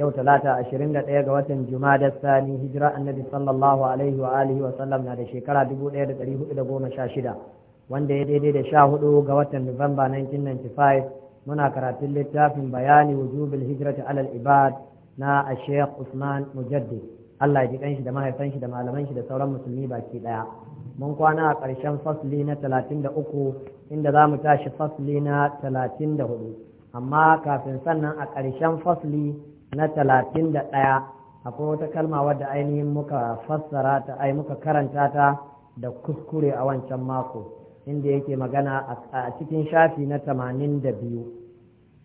yau talata ashirin da ɗaya ga watan da sani hijira annabi sallallahu alaihi wa alihi wa sallam na da shekara dubu ɗaya da ɗari hudu da goma sha shida wanda ya daidai da sha hudu ga watan nuwamba 1995 muna karatun littafin bayani wujubil hijrati alal ibad na a Sheikh usman mujaddi allah ya ji kanshi da mahaifanshi da malaman shi da sauran musulmi baki ɗaya mun kwana a ƙarshen fasli na talatin da uku inda za mu tashi fasli na talatin da hudu amma kafin sannan a ƙarshen fasli na talatin da ɗaya akwai wata kalma wadda ainihin muka fassara ta ai muka karanta ta da kuskure a wancan mako inda yake magana a cikin shafi na tamanin da biyu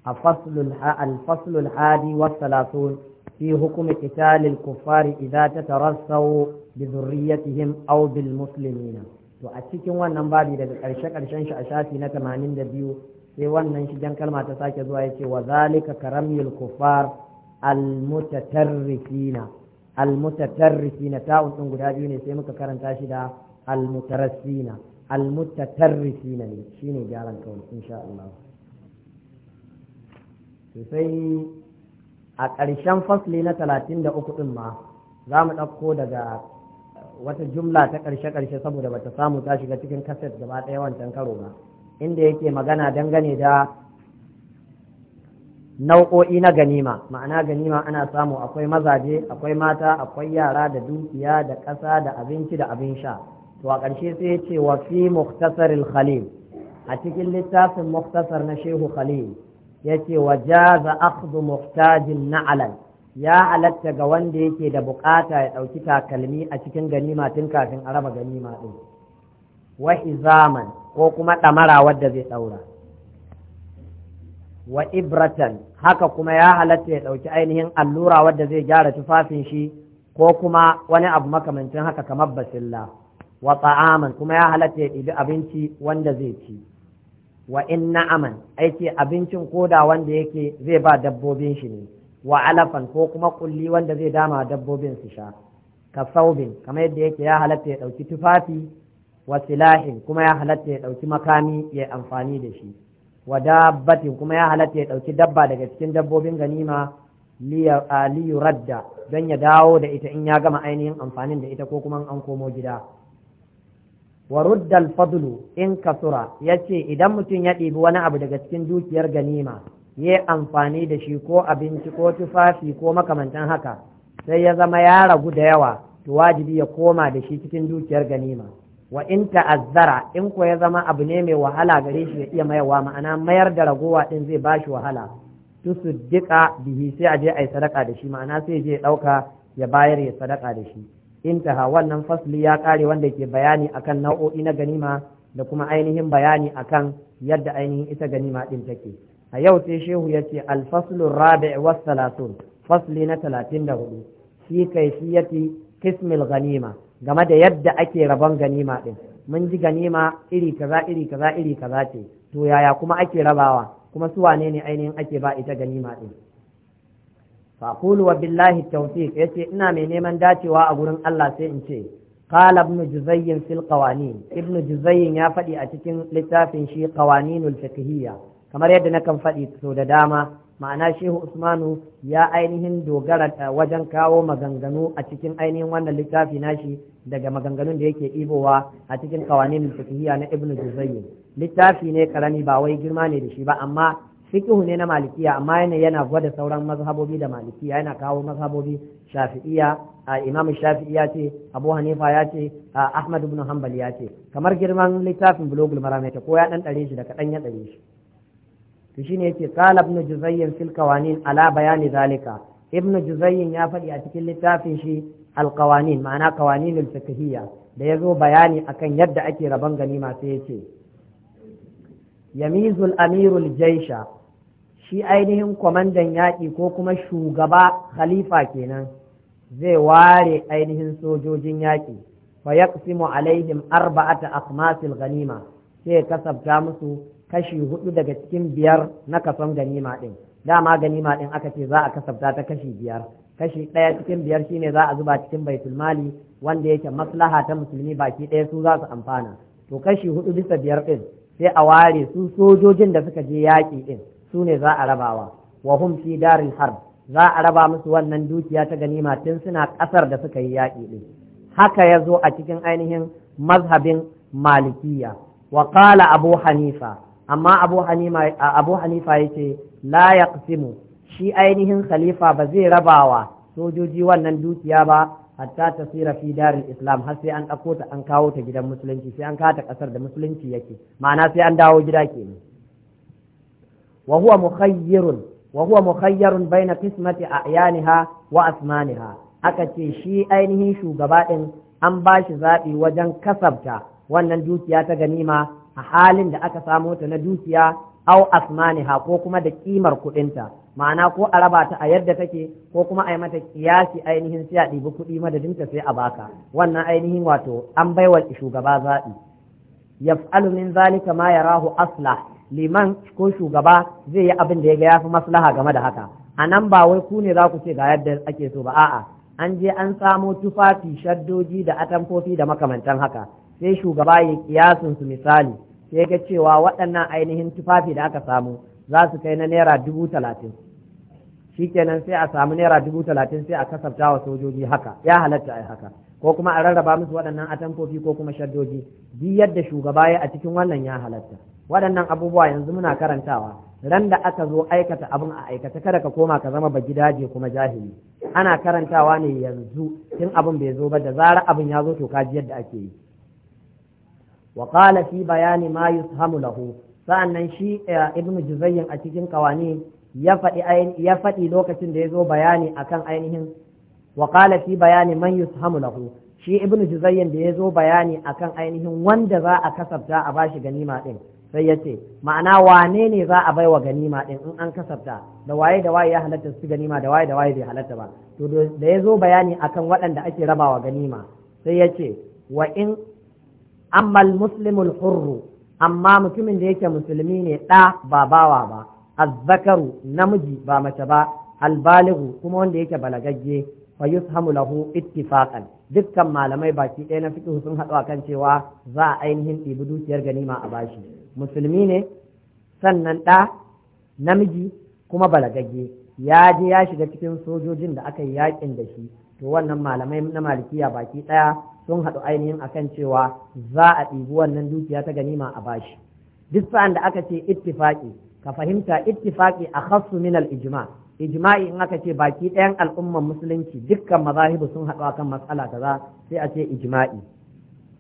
a faslul hadi wasalasun fi hukumi qitalil kuffari idza tatarassaw bi dhurriyyatihim aw bil muslimina to a cikin wannan babi daga karshe karshen shi a shafi na tamanin da biyu sai wannan shi kalma ta sake zuwa yace wa zalika karamil kuffar almutatarrifina almutatarrifina ta'un din guda biyu ne sai muka karanta shi da almutarassina almutatarrifina ne shine gyaran kawai insha Allah sai a ƙarshen fasli na talatin da uku ɗin ma za mu ɗauko daga wata jumla ta ƙarshe-ƙarshe saboda bata samu ta shiga cikin kaset gaba ɗaya wancan karo ba inda yake magana dangane da nau'o'i na ganima ma'ana ganima ana samu akwai mazaje akwai mata akwai yara da dukiya da ƙasa da abinci da abin sha to a ƙarshe sai ya ce wa fi muktasaril khalil a cikin littafin muktasar na shehu khalil ya ce wa jaza akhdhu muhtajin na'alan ya halatta ga wanda yake da buƙata ya ɗauki takalmi a cikin ganima tun kafin a raba ganima ɗin wa izaman ko kuma ɗamara wadda zai ɗaura wa ibratan haka kuma ya halatta ya ɗauki ainihin allura wadda zai gyara tufafin shi ko kuma wani abu makamancin haka kamar basilla wa ta'aman kuma ya halatta ya ɗibi abinci wanda zai ci wa in na'aman aiki abincin koda wanda yake zai ba dabbobin shi ne wa alafan ko kuma kulli wanda zai dama dabbobin su sha ka saubin kamar yadda yake ya halatta ya ɗauki tufafi wa silahin kuma ya halatta ya ɗauki makami ya amfani da shi wa dabbatin kuma ya halatta ya ɗauki dabba daga cikin dabbobin ganima liyu radda don ya dawo da ita in ya gama ainihin amfanin da ita ko kuma an komo gida wa ruddal fadlu in kasura ce idan mutum ya ɗibi wani abu daga cikin dukiyar ganima ya amfani da shi ko abinci ko tufafi ko makamantan haka sai ya zama ya ragu da yawa to wajibi ya koma da shi cikin dukiyar ganima wa in ta'azzara in ko ya zama abu ne mai wahala gare shi ya iya mayarwa ma'ana mayar da ragowa din zai ba shi wahala su dika bihi sai a je ai sadaka da shi ma'ana sai je ɗauka ya bayar ya sadaka da shi intaha wannan fasli ya kare wanda ke bayani akan nau'o'i na ganima da kuma ainihin bayani akan yadda ainihin ita ganima din take a yau sai shehu ya ce alfaslun rabi was salatun fasli na talatin da hudu fi yati kismil ganima game da yadda ake rabon ganima ɗin mun ji ganima iri kaza iri kaza iri kaza ce to yaya kuma ake rabawa kuma su wanene ne ainihin ake ba ita ganima ɗin faqulu wa billahi ya yace ina mai neman dacewa a gurin Allah sai in ce qala ibn juzayy fil ibn juzayy ya faɗi a cikin littafin shi Ƙawaninul fiqhiyya kamar yadda na kan faɗi sau da dama ma'ana shehu usmanu ya ainihin dogara eh, wajen kawo maganganu a cikin ainihin wannan littafi nashi daga maganganun da yake ibowa a cikin kawanin fiqhiyya na ibn juzayyi littafi ne karami ba wai girma ne da shi ba amma fiqhu ne na malikiya amma yana yana gwada sauran mazhabobi da malikiya yana kawo mazhabobi shafi'iyya imam shafi'i shafi'iya ce abu hanifa ya ce ahmad ibn hanbal ya ce kamar girman littafin bulogul maram ko ya dan dare shi da kaɗan ya ɗare shi to shine ce qala ibn juzayyin fil qawanin ala bayani zalika ibn juzayyin ya faɗi a cikin littafin shi al qawanin ma'ana na fiqhiyya da ya zo bayani akan yadda ake raban ganima sai yace yamizul amirul jaisha shi ainihin kwamandan yaƙi ko kuma shugaba khalifa kenan zai ware ainihin sojojin yaƙi fa yaqsimu alaihim arba'ata aqmasil ganima sai kasabta musu kashi hudu daga cikin biyar na kason ganima din dama ganima din aka ce za a kasafta ta kashi biyar kashi ɗaya cikin biyar shine za a zuba cikin bai mali wanda yake maslaha ta musulmi baki ɗaya su za su amfana to kashi hudu bisa biyar din sai a ware su sojojin da suka je yaƙi din su ne za a rabawa wa hum fi daril harb za a raba musu wannan dukiya ta ganima tun suna ƙasar da suka yi yaƙi din haka ya zo a cikin ainihin mazhabin malikiya wa abu hanifa amma abu hanifa ya ce la ya shi ainihin khalifa ba zai rabawa sojoji wannan dukiya ba hatta ta tsira fi darin islam har sai an ɗauko ta an kawo ta gidan musulunci sai an kata ƙasar da musulunci yake ma'ana sai an dawo gida ke ne wa huwa mukhayyirun wa huwa mukhayyarun baina qismati a'yaniha wa asmaniha aka ce shi ainihin shugaba din an ba shi zaɓi wajen kasabta wannan dukiya ta ganima a halin da aka samo ta na dukiya au asmaniha ko kuma da kimar kuɗinta ma'ana ko a raba ta a yadda take ko kuma a yi mata kiyasi ainihin sai a ɗibi kuɗi ta sai a baka wannan ainihin wato an baiwa shugaba zaɓi yaf'alu min zalika ma yarahu aslah liman ko shugaba zai yi abin da ya ga yafi maslaha game da haka a nan ba wai ku ne za ku ce ga yadda ake so ba a'a an je an samo tufafi shaddoji da atamfofi da makamantan haka sai shugaba ya kiyasin su misali sai ga cewa waɗannan ainihin tufafi da aka samu za su kai na naira dubu talatin shikenan sai a samu naira dubu talatin sai a kasafta wa sojoji haka ya halatta a haka ko kuma a rarraba musu waɗannan atamfofi ko kuma shaddoji duk yadda shugaba ya a cikin wannan ya halatta waɗannan abubuwa yanzu muna karantawa ran da aka zo aikata abin a aikata kada ka koma ka zama ba bagidaje kuma jahili ana karantawa ne yanzu tun abin bai zo ba da zara abin ya zo to ka ji yadda ake yi wa fi bayani ma yushamu lahu sa'annan shi eh, ibnu juzayyin a cikin kawani ya faɗi ya lokacin da ya zo bayani akan ainihin wa qala fi bayani man yushamu lahu shi ibnu juzayyin da ya zo bayani akan ainihin wanda za a kasafta a bashi ganima din sai ya ce ma'ana wane ne za a baiwa ganima din in an kasafta da waye da waye ya halatta su ganima da waye da waye bai halatta ba to da ya zo bayani akan waɗanda ake rabawa ganima sai ya ce wa in amma muslimul hurru amma mutumin da yake musulmi ne ɗa ba bawa ba azzakaru namiji ba mace ba albalighu kuma wanda yake balagagge fa yushamu lahu ittifaqan dukkan malamai baki ɗaya na fiqh sun haɗu akan cewa za a ainihin ɗibi dukiyar ganima a bashi musulmi ne sannan ɗa namiji kuma balagagge ya je ya shiga cikin sojojin da aka yi yakin da shi to wannan malamai na malikiya baki ɗaya sun haɗu ainihin akan cewa za a ɗibi wannan dukiya ta ganima a bashi duk sa'an da aka ce ittifaqi ka fahimta ittifaqi a khassu min al ijma ijma'i in aka ce baki ɗayan al'ummar musulunci dukkan mazahibu sun haɗu akan matsala za sai a ce ijma'i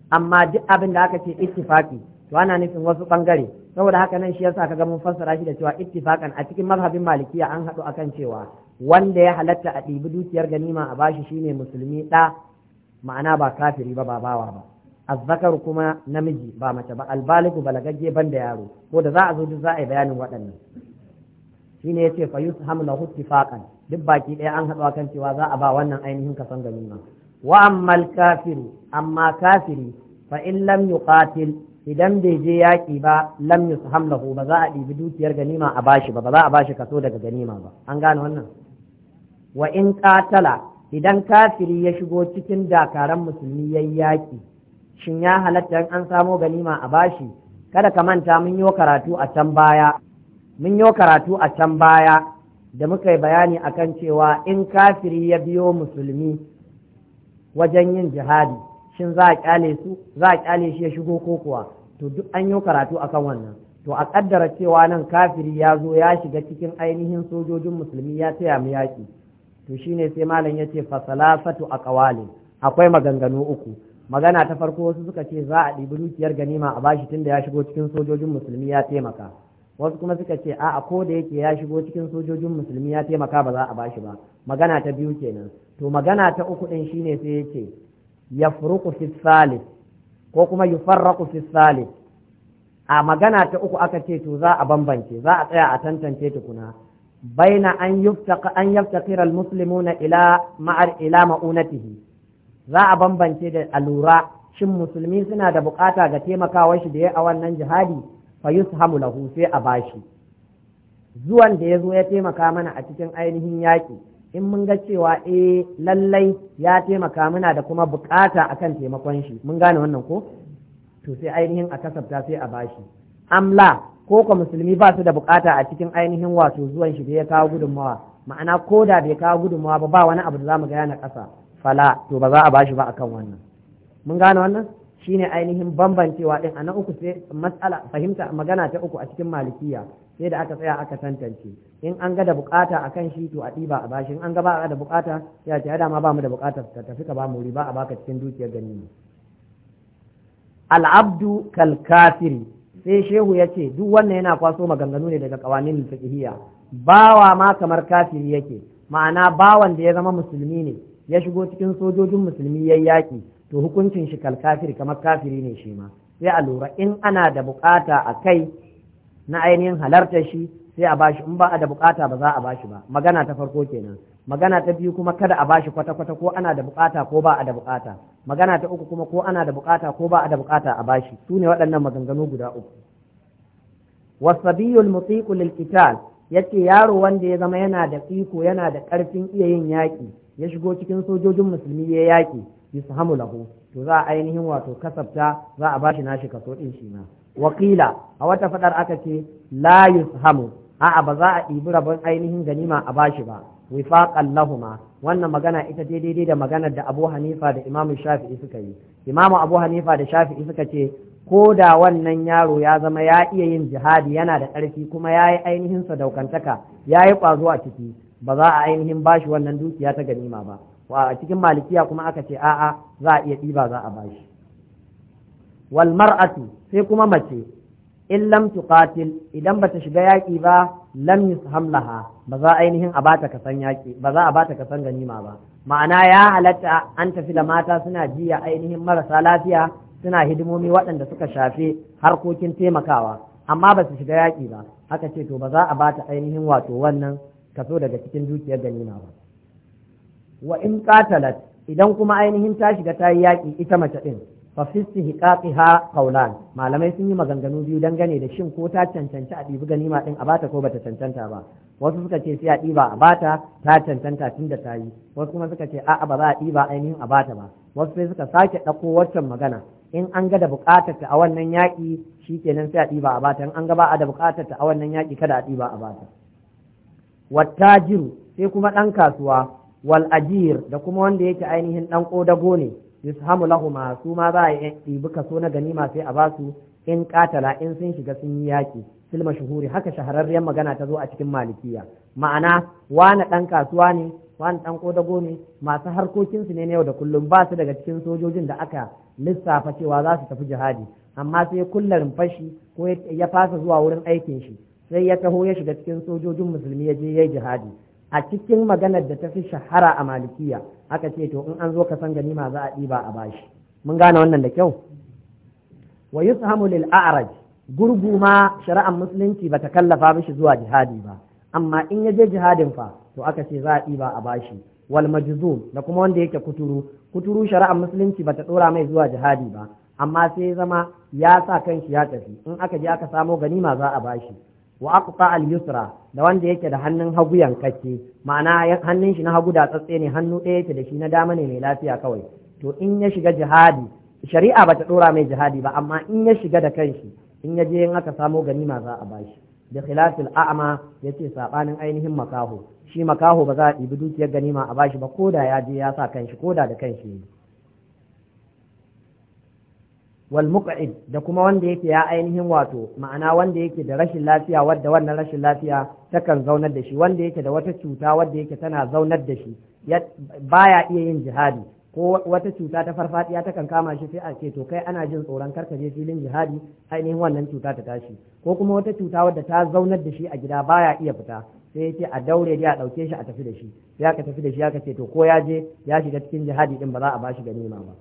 amma duk abin da aka ce ittifaqi to ana nufin wasu bangare saboda haka nan shi yasa ga mun fassara shi da cewa ittifaqan a cikin mazhabin malikiya an haɗu akan cewa wanda ya halatta a ɗibi dukiyar ganima a bashi shine musulmi ɗa ma'ana ba kafiri ba ba bawa ba azzakar kuma namiji ba mace ba albaliku balagagge ban da yaro ko da za a zo duk za a yi bayanin waɗannan shine yace fa yusham lahu ittifaqan duk baki ɗaya an haɗu kan cewa za a ba wannan ainihin kasan ganima wa ammal kafiri. amma kafiri fa in lam yuqatil idan bai je yaƙi ba lam yusham lahu ba za a ɗibi dukiyar ganima a bashi ba ba za a bashi kaso daga ganima ba an gane wannan wa in qatala idan kafiri ya shigo cikin dakaran musulmi yayi yaƙi, shin ya halatta an samo ganima a bashi kada ka manta mun yi karatu a can baya mun yi karatu a can baya da muka yi bayani akan cewa in kafiri ya biyo musulmi wajen yin jihadi shin za a kyale su za a kyale shi ya shigo ko kuwa to duk an yi karatu akan wannan to a kaddara cewa nan kafiri ya zo ya shiga cikin ainihin sojojin musulmi ya taya mu yaƙi to shine sai malam ya yace fa a ƙawale. akwai maganganu uku magana ta farko wasu suka ce za a ɗibi dukiyar ganima a bashi tunda ya shigo cikin sojojin musulmi ya taimaka wasu kuma suka ce a'a ko da yake ya shigo cikin sojojin musulmi ya taimaka ba za a bashi ba magana ta biyu kenan to magana ta uku din shine sai yace ya fi salis ko kuma yufarraqu fi salis a magana ta uku aka ce to za a bambance za a tsaya a tantance tukuna baina an yuftaka an yaftakira almuslimuna ila ma'ar ma'unatihi za a bambance da alura shin musulmi suna da bukata ga taimakawar shi da ya a wannan jihadi fa yushamu lahu sai a bashi zuwan da ya zo ya taimaka mana a cikin ainihin yaƙi in mun ga cewa e lallai ya taimaka mana da kuma bukata akan taimakon shi mun gane wannan ko to sai ainihin a kasafta sai a bashi amla ko ka musulmi ba su da bukata a cikin ainihin wato zuwan shi ya kawo gudunmawa ma'ana ko da bai kawo gudunmawa ba ba wani abu da zamu ga yana ƙasa fala to ba za a bashi ba akan wannan mun gane wannan shine ainihin bambancewa din a na uku sai matsala fahimta magana ta uku a cikin malikiya sai da aka tsaya aka tantance in an ga da bukata a kan shi to a ɗiba a bashi in an ga ba a da bukata ya ce dama ba mu da bukata ka tafi ka ba mu ba a baka cikin dukiyar ganima al'abdu kal kafiri sai shehu ya ce duk wannan yana kwaso maganganu ne daga kawanin fiqhiyya bawa ma kamar kafiri yake ma'ana bawan da ya zama musulmi ne ya shigo cikin sojojin musulmi yayi yaki to hukuncin shi kal kafiri kamar kafiri ne shi ma sai a lura in ana da bukata a kai na ainihin halartar shi sai a bashi in ba a da bukata ba za a bashi ba magana ta farko kenan magana ta biyu kuma kada a bashi kwata-kwata ko ana da bukata ko ba a da bukata magana ta uku kuma ko ana da bukata ko ba a da bukata a bashi su ne waɗannan maganganu guda uku wasabiyul Musiku lil qital yace yaro wanda ya zama yana da iko yana da karfin iya yin yaki ya shigo cikin sojojin musulmi ya yaki yushamu lahu to za a ainihin wato kasafta za a bashi nashi kaso din shi ma wakila a wata fadar aka ce la yushamu a'a ba za a ɗibi rabon ainihin ganima a bashi ba wifaqan lahuma wannan magana ita daidai da maganar da Abu Hanifa da Imam Shafi'i suka yi Imam Abu Hanifa da Shafi'i suka ce ko da wannan yaro ya zama ya iya yin jihadi yana da ƙarfi kuma ya yi ainihin sadaukantaka ya yi ƙwazo a ciki ba za a ainihin bashi wannan dukiya ta ganima ba wa a cikin malikiya kuma aka ce a'a za a iya ɗiba za a bashi shi walmar'atu sai kuma mace in lam tuqatil idan bata shiga yaƙi ba lam Hamlaha ba za ainihin a bata kasan yaki ba za a bata kasan ganima ba ma'ana ya halatta an tafi da mata suna jiya ainihin marasa lafiya suna hidimomi waɗanda suka shafi harkokin taimakawa amma ba su shiga yaki ba haka ce to ba za a bata ainihin wato wannan kaso daga cikin dukiyar ganima ba wa in qatalat idan kuma ainihin ta shiga ta yi yaƙi ita mace ɗin Fafisti fi ha kaunan malamai sun yi maganganu biyu dangane da shin ko ta cancanci a ɗibi ganima ɗin a bata ko bata cancanta ba wasu suka ce sai a ɗiba a bata ta cancanta tun da ta yi wasu kuma suka ce a'a ba za a ɗiba ainihin a bata ba wasu sai suka sake ɗauko waccan magana in an ga da buƙatar ta a wannan yaƙi shi kenan sai a ɗiba a bata in an ga ba a da buƙatar ta a wannan yaƙi kada a ɗiba a bata wattajiru sai kuma ɗan kasuwa wal ajir da kuma wanda yake ainihin ɗan ƙodago ne lahu ma su ma za a ɗibi so na ganima sai a basu in katala in sun shiga sun yi yaki silma shuhuri haka shahararren magana ta zo a cikin malikiya ma'ana wani dan kasuwa ne wani dan kodago ne masu harkokinsu ne na yau da kullum ba su daga cikin sojojin da aka lissafa cewa za su tafi jihadi amma sai kullarin fashi ko ya fasa zuwa wurin aikin shi sai ya taho ya shiga cikin sojojin musulmi ya je yayi jihadi a cikin maganar da ta fi shahara a malikiya aka ce to in an zo ka san gani ma za a ɗiba a bashi mun gane wannan da kyau wa yushamu lil a'raj gurgu ma shari'ar musulunci bata kallafa mishi zuwa jihadi ba amma in ya je jihadin fa to aka ce za a ɗiba a bashi wal majzum da kuma wanda yake kuturu kuturu shari'ar musulunci bata dora mai zuwa jihadi ba amma sai zama ya sa kanshi ya tafi in aka je aka samo ganima za a bashi wa aqta al yusra da wanda yake da hannun hagu yankacce ma'ana hannun shi na hagu da tsatse ne hannu ɗaya yake da shi na dama ne mai lafiya kawai to in ya shiga jihadi shari'a bata dora mai jihadi ba amma in ya shiga da kanshi in ya je in aka samo ganima za a bashi da khilafil a'ma yace sabanin ainihin makaho shi makaho ba za a ɗibi dukiyar ganima a bashi ba koda ya je ya sa kanshi koda da kanshi ne wal da kuma wanda yake ya ainihin wato ma'ana wanda yake da rashin lafiya wadda wannan rashin lafiya takan zaunar da shi wanda yake da wata cuta wadda yake tana zaunar da shi baya iya yin jihadi ko wata cuta ta farfadiya takan kama shi sai a ce to kai ana jin tsoron karka filin jihadi ainihin wannan cuta ta tashi ko kuma wata cuta wadda ta zaunar da shi a gida baya iya fita sai ya ce a daure dai a dauke shi a tafi da shi ya ka tafi da shi ya ka ce to ko ya je ya shiga cikin jihadi din ba za a bashi ganima ba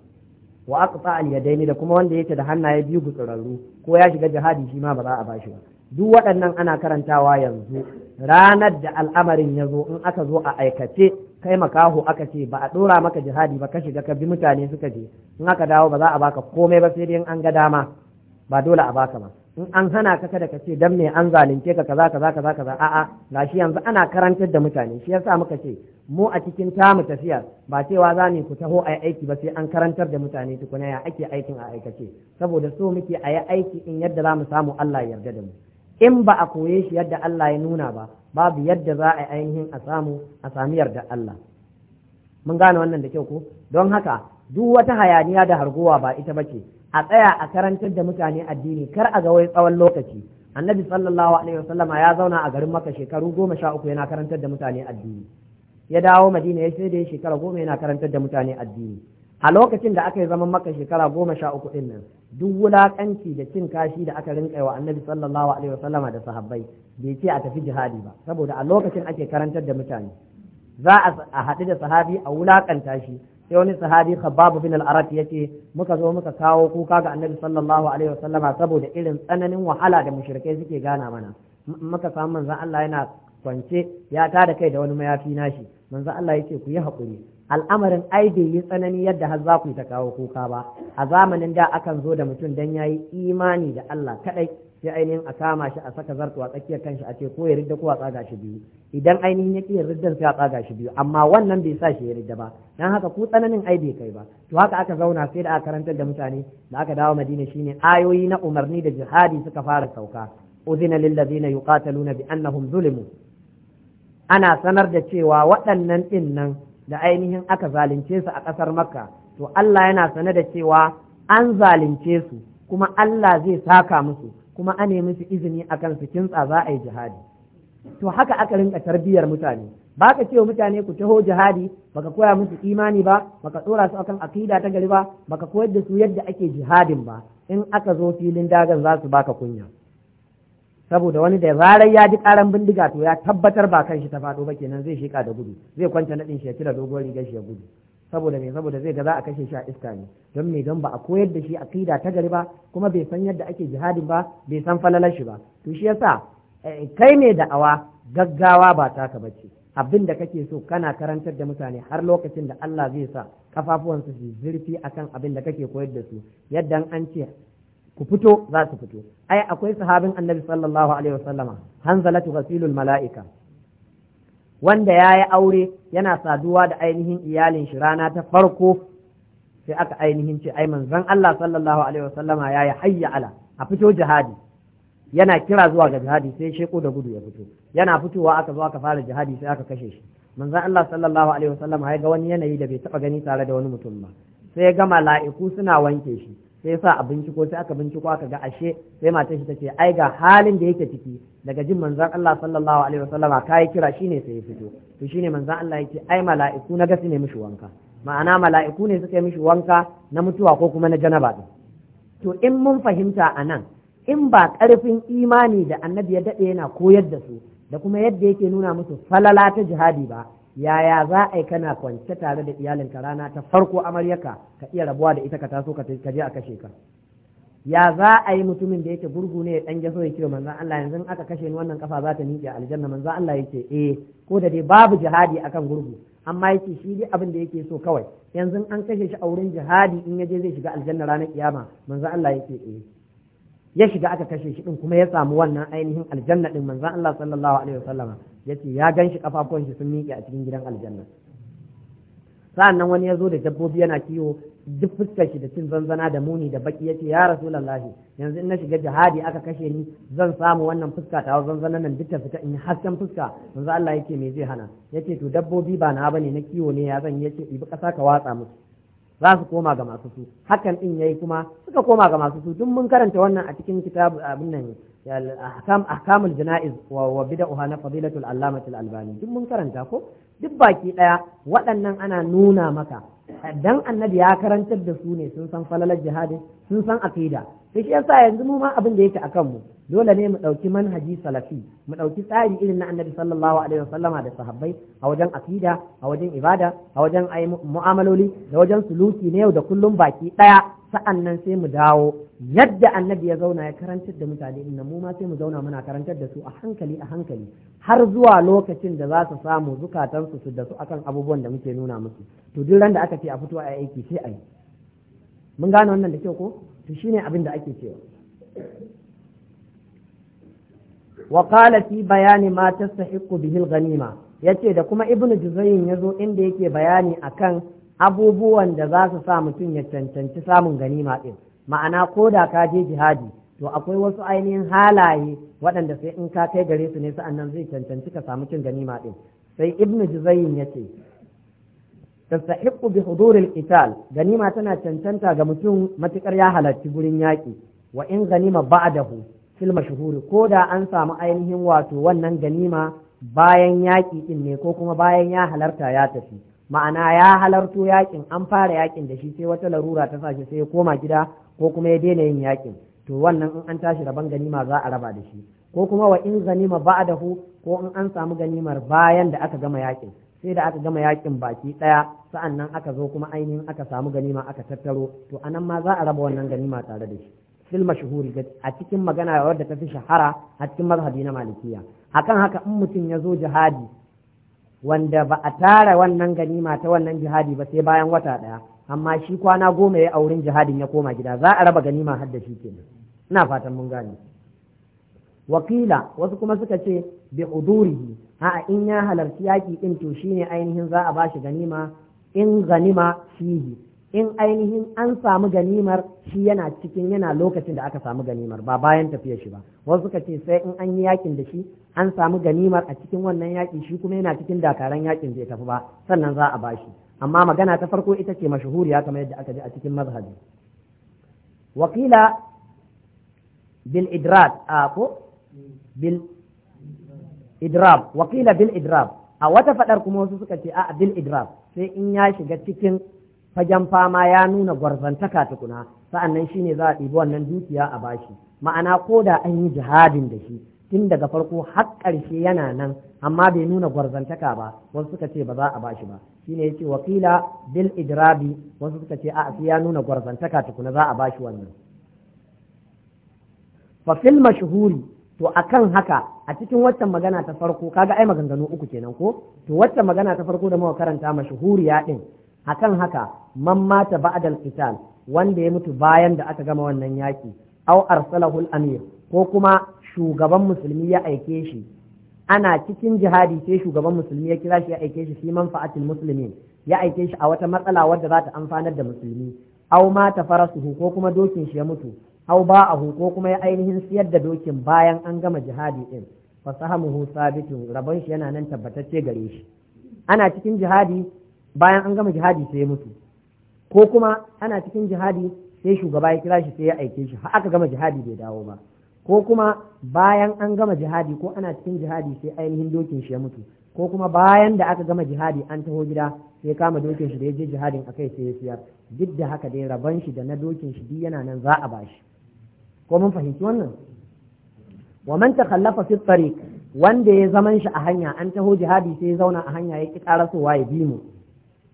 wa aqta al yadaini da kuma wanda yake da hannaye biyu gutsurarru ko ya shiga jihadi shi ma ba za a bashi ba duk waɗannan ana karantawa yanzu ranar da al'amarin ya zo in aka zo a aikace kai makaho aka ce ba a ɗora maka jihadi ba ka shiga ka bi mutane suka je in aka dawo ba za a baka komai ba sai dai an ga dama ba dole a baka ba in an hana ka kada ka ce dan me an zalunce ka kaza kaza kaza kaza a'a gashi yanzu ana karantar da mutane shi yasa muka ce mu a cikin tamu tafiya ba cewa za mu ku taho a aiki ba sai an karantar da mutane tukuna ya ake aikin a aikace saboda so muke a yi aiki in yadda za mu samu Allah ya yarda da mu in ba a koye shi yadda Allah ya nuna ba babu yadda za a yi ainihin a samu a sami yarda Allah mun gane wannan da kyau ko don haka duk wata hayaniya da harguwa ba ita bace a tsaya a karantar da mutane addini kar a ga wai tsawon lokaci annabi sallallahu alaihi wasallam ya zauna a garin maka shekaru goma sha uku yana karantar da mutane addini ya dawo madina ya sai da ya shekara goma yana karantar da mutane addini a lokacin da aka yi zaman maka shekara goma sha uku din nan duk wulakanci da cin kashi da aka rinka wa annabi sallallahu alaihi wasallama da sahabbai bai ce a tafi jihadi ba saboda a lokacin ake karantar da mutane za a haɗu da sahabi a wulakanta shi sai wani sahabi khabbab bin al-arat yace muka zo muka kawo kuka ga annabi sallallahu alaihi wasallama saboda irin tsananin wahala da mushrikai suke gana mana muka samu manzon Allah yana kwance ya tada kai da wani mayafi nashi manzon Allah ce ku yi hakuri al'amarin ai da yi tsanani yadda har za ku ta kawo kuka ba a zamanin da akan zo da mutum dan yayi imani da Allah kadai sai ainihin a kama shi a saka zartu a tsakiyar kanshi a ce ko ya ridda ko a tsaga shi biyu idan ainihin ya ƙi riddar sai a tsaga shi biyu amma wannan bai sa shi ya ridda ba dan haka ku tsananin ai bai kai ba to haka aka zauna sai da aka karantar da mutane da aka dawo madina shine ayoyi na umarni da jihadi suka fara sauka uzina lil ladina yuqataluna bi annahum zulimu ana sanar da cewa waɗannan din nan da ainihin aka zalunce su a ƙasar makka to Allah yana sane da cewa an zalunce su kuma Allah zai saka musu kuma a nemi su izini akan su kintsa za a yi jihadi to haka aka rinka tarbiyyar mutane ba ka ce wa mutane ku taho jihadi baka koya musu imani ba baka tsora su akan akida ta gari ba baka koyar da su yadda ake jihadin ba in aka zo filin dagan za su baka kunya saboda wani da zarar ya ji karan bindiga to ya tabbatar ba kan shi ta faɗo ba kenan zai shika da gudu zai kwance naɗin shi ya cire dogon rigar shi ya gudu saboda me saboda zai ga za a kashe shi a iska ne don me don ba a koyar da shi aqida ta gari ba kuma bai san yadda ake jihadin ba bai san falalar shi ba to shi yasa eh, kai ne da'awa gaggawa ba taka bace abin da kake so kana karantar da mutane har lokacin da Allah zai sa kafafuwansu su zurfi akan abin da kake koyar da su yadda an ce ku fito za su fito ai akwai sahabin annabi sallallahu alaihi wasallama hanzalatu ghasilul mala'ika wanda ya yi aure yana saduwa da ainihin iyalin shi rana ta farko sai aka ainihin ce ai manzon Allah sallallahu alaihi wasallama ya yi hayya ala a fito jihadi yana kira zuwa ga jihadi sai sheko da gudu ya fito yana fitowa aka zo aka fara jihadi sai aka kashe shi manzon Allah sallallahu alaihi wasallama ya ga wani yanayi da bai taba gani tare da wani mutum ba sai ya gama la'iku suna wanke shi sai sa a binciko sai aka binciko aka ga ashe sai matar shi tace ai ga halin da yake ciki daga jin manzon Allah sallallahu alaihi wasallama kai kira shine sai ya fito to shine manzon Allah yake ai mala'iku na gasi ne mishi wanka ma'ana mala'iku ne suka yi mishi wanka na mutuwa ko kuma na janaba din to in mun fahimta anan in ba karfin imani da annabi ya dade yana koyar da su da kuma yadda yake nuna musu falala ta jihadi ba yaya za a yi kana kwance tare da iyalinka rana ta farko amaryarka ka iya rabuwa da ita ka taso ka je a kashe ka ya za a yi mutumin da yake gurgu ne dan gaso ya kiro manzon Allah yanzu aka kashe ni wannan kafa za ta miƙe aljanna manzon Allah yake eh ko da dai babu jihadi akan gurgu amma yake shi dai abin da yake so kawai yanzu an kashe shi a wurin jihadi in yaje zai shiga aljanna ranar kiyama manzon Allah yake eh ya shiga aka kashe shi din kuma ya samu wannan ainihin aljanna din manzon Allah sallallahu alaihi wasallam yace ya ganshi kafafun shi sun miƙe a cikin gidan aljanna sa'annan wani ya zo da dabbobi yana kiwo duk fuskar shi da cin zanzana da muni da baki yace ya rasulullahi yanzu in na shiga jihadi aka kashe ni zan samu wannan fuska ta zanzana nan duk ta fita in hasken fuska manza Allah yake me zai hana yace to dabbobi ba na bane na kiwo ne ya zan yace ibi kasa ka watsa musu za su koma ga masu su hakan din yayi kuma suka koma ga masu su tun mun karanta wannan a cikin kitab abin nan ahkam ahkamul janaiz wa wa bid'uha na fadilatul allamah albani duk mun karanta ko duk baki daya waɗannan ana nuna maka dan annabi ya karantar da su ne sun san falalar jihadin sun san aqida sai shi yasa yanzu mu ma abin da yake akan mu dole ne mu ɗauki manhaji salafi mu ɗauki tsari irin na annabi sallallahu alaihi wasallama da sahabbai a wajen aqida a wajen ibada a wajen mu'amaloli da wajen suluki na yau da kullum baki ɗaya. sa'an nan sai mu dawo yadda annabi ya zauna ya karantar da mutane inna mu ma sai mu zauna muna karantar da su a hankali a hankali har zuwa lokacin da za su samu zukatansu su da su akan abubuwan da muke nuna musu to duk ran da aka ce a fito a aiki sai a yi mun gane wannan da kyau ko to shine abin da ake cewa wa qala fi bayani ma tastahiqu Bihil Ganima ghanima yace da kuma ibnu juzayyin yazo inda yake bayani akan abubuwan da za su sa mutum ya cancanci samun ganima ɗin ma'ana ko da ka je jihadi to akwai wasu ainihin halaye waɗanda sai in ka kai gare su ne sa'annan zai cancanci ka samu cin ganima ɗin sai Ibn juzayin ya ce tastahiqqu bi huduril qital ganima tana cancanta ga mutum matukar ya halarci gurin yaƙi wa in ganima ba'dahu fil shuhuri. ko da an samu ainihin wato wannan ganima bayan yaƙi ɗin ne ko kuma bayan ya halarta ya tafi ma'ana ya halarto yakin an fara yakin da shi sai wata larura ta sashi sai ya koma gida ko kuma ya daina yin yakin to wannan in an tashi rabon ganima za a raba da shi ko kuma wa in ganima hu ko in an samu ganimar bayan da aka gama yakin sai da aka gama yakin baki daya sa'an nan aka zo kuma ainihin aka samu ganima aka tattaro to anan ma za a raba wannan ganima tare da shi fil mashhuri a cikin magana wadda ta fi shahara a cikin mazhabi na malikiya akan haka in mutum ya zo jihadi wanda ba a tara wannan ganima ta wannan jihadi ba sai bayan wata ɗaya amma shi kwana goma ya aurin jihadin ya koma gida za a raba ganima har da shi kenan ina fatan mun gane wakila wasu kuma suka ce bi huduri a in ya halarci yaki ɗin to shine ainihin za a bashi ganima in ganima shi in ainihin an samu ganimar shi yana cikin yana lokacin da aka samu ganimar ba bayan tafiya shi ba wasu suka ce sai in an yi yakin da shi an samu ganimar a cikin wannan yakin shi kuma yana cikin dakaran yakin bai tafi ba sannan za a bashi amma magana ta farko ita ce mashahuriya kamar yadda aka ji a cikin mazhabi wakila bil a bil idrab wakila bil idrab a wata fadar kuma wasu suka ce a bil idrab sai in ya shiga cikin fagen fama ya nuna gwarzantaka tukuna sa'annan shine za a ɗibi wannan dukiya a bashi ma'ana ko da an yi jihadin da shi tun daga farko har ƙarshe yana nan amma bai nuna gwarzantaka ba wasu suka ce ba za a bashi ba shine yace wakila bil idrabi wasu suka ce a ya nuna gwarzantaka tukuna za a bashi wannan fa fil mashhuri to akan haka a cikin waccan magana ta farko kaga ai maganganu uku kenan ko to waccan magana ta farko da muka karanta ya ɗin? akan haka man mata ba'dal qital wanda ya mutu bayan da aka gama wannan yaki aw arsalahu al-amir ko kuma shugaban musulmi ya aike shi ana cikin jihadi sai shugaban musulmi ya kira shi ya aike shi fi manfa'atil muslimin ya aike shi a wata matsala wadda za ta amfanar da musulmi aw mata farasuhu ko kuma dokin shi ya mutu aw ba'ahu ko kuma ya ainihin siyar da dokin bayan an gama jihadi din fasahamuhu sabitun rabon shi yana nan tabbatacce gare shi ana cikin jihadi bayan an gama jihadi sai ya mutu ko kuma ana cikin jihadi sai shugaba ya kira shi sai ya aike shi har aka gama jihadi bai dawo ba ko kuma bayan an gama jihadi ko ana cikin jihadi sai ainihin dokin shi ya mutu ko kuma bayan da aka gama jihadi an taho gida sai kama dokin shi da ya je jihadin akai sai ya siyar duk da haka dai raban shi da na dokin shi duk yana nan za a bashi ko mun fahimci wannan wa man takhallafa fi tariq wanda ya zaman shi a hanya an taho jihadi sai ya zauna a hanya ya ki karasowa ya bi mu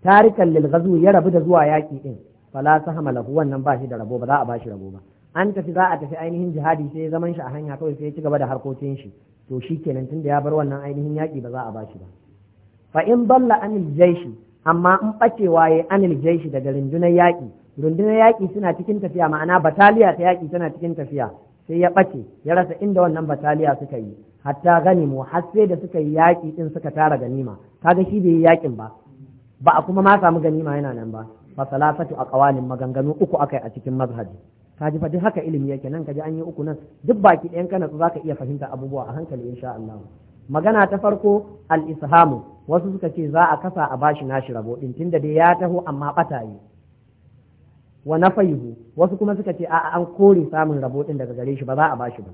tarikan lil ghazwi ya rabu da zuwa yaki din fala sahama lahu wannan ba shi da rabo ba za a ba shi rabo ba an tafi za a tafi ainihin jihadi sai zaman shi a hanya kawai sai ya ci gaba da harkokin shi to shi kenan tunda ya bar wannan ainihin yaki ba za a ba shi ba fa in balla anil jaishi amma in bacewa yayi anil jaishi daga rundunar yaki rundunar yaki suna cikin tafiya ma'ana bataliya ta yaki tana cikin tafiya sai ya bace ya rasa inda wannan bataliya suka yi hatta ganimu har sai da suka yi yaƙi din suka tara ganima kaga shi bai yi yakin ba ba a kuma ma samu ganima yana nan ba Ba salasatu kawalin maganganu uku akai a cikin mazhabi ka ji fa haka ilimi yake nan ka ji an yi uku nan duk baki ɗayan kana zaka iya fahimta abubuwa a hankali insha Allah magana ta farko al ishamu wasu suka ce za a kasa a bashi nashi rabo din tunda dai ya taho amma bata yi wa nafayihu wasu kuma suka ce a'a an kore samun rabo din daga gare shi ba za a bashi ba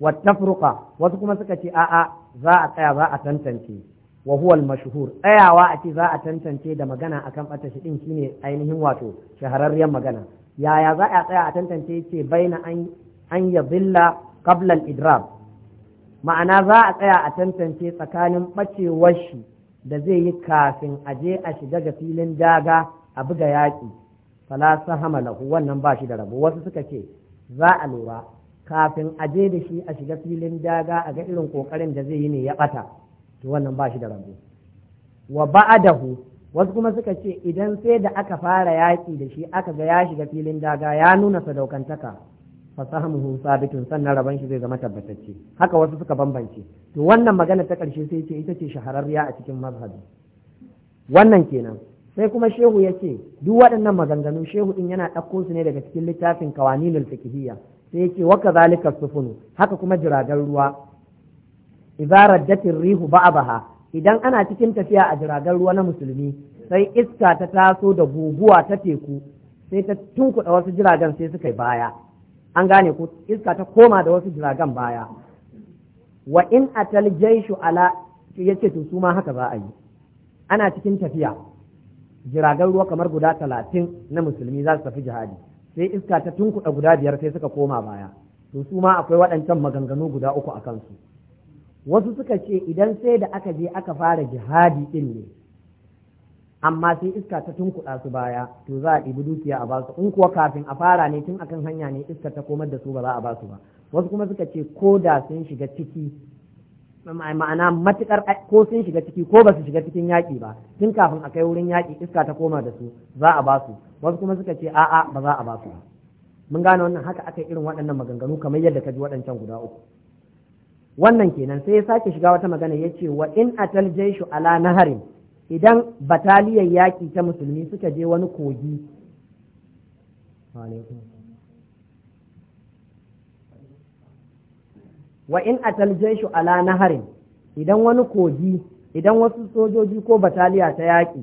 wa tafruqa wasu kuma suka ce a'a za a tsaya za a tantance wa huwa al-mashhur tsayawa a ce za a tantance da magana akan bata shi din shine ainihin wato shahararriyar magana yaya za a tsaya a tantance ce baina an an yadhilla qabla al-idrab ma'ana za a tsaya a tantance tsakanin bacewar shi da zai yi kafin a je a shiga ga filin daga a buga yaƙi fala sahama lahu wannan ba shi da rabo wasu suka ce za a lura kafin a je da shi a shiga filin daga a ga irin kokarin da zai yi ne ya bata to wannan ba shi da rabo wa ba'adahu wasu kuma suka ce idan sai da aka fara yaƙi da shi aka ga ya shiga filin daga ya nuna sadaukantaka fasahamuhu sabitun sannan rabon shi zai zama tabbatacce haka wasu suka bambance to wannan magana ta ƙarshe sai ce ita ce shahararriya a cikin mazhabi wannan kenan sai kuma shehu ya ce duk waɗannan maganganu shehu ɗin yana ɗauko su ne daga cikin littafin kawanilul fiqhiyya sai ya ce wa kazalika sufunu haka kuma jiragen ruwa izarar datin rihu ba a baha, idan ana cikin tafiya a jiragen ruwa na musulmi sai iska ta taso da guguwa ta teku sai ta tunkuɗa wasu jiragen sai suka baya an gane ko iska ta koma da wasu jiragen baya wa in atal jaishu ala yace to su ma haka za a yi ana cikin tafiya jiragen ruwa kamar guda talatin na musulmi za su tafi jihadi sai iska ta tunkuɗa guda biyar sai suka koma baya to su ma akwai waɗancan maganganu guda uku a kansu wasu suka ce idan sai da aka je aka fara jihadi din ne amma sai iska ta tunkuɗa su baya to za a ɗibi dukiya a basu in kuwa kafin a fara ne tun akan hanya ne iska ta komar da su ba za a basu ba wasu kuma suka ce ko da sun shiga ciki ma'ana matukar ko sun shiga ciki ko ba su shiga cikin yaƙi ba tun kafin a kai wurin yaƙi iska ta koma da su za a basu wasu kuma suka ce a'a ba za a basu ba mun gane wannan haka aka irin waɗannan maganganu kamar yadda ka ji waɗancan guda uku wannan kenan sai ya sake shiga wata magana ya ce wa in atal jaishu ala naharin idan bataliyar yaƙi ta musulmi suka je wani kogi wa in atal jaishu ala naharin idan wani kogi idan wasu sojoji ko bataliya ta yaƙi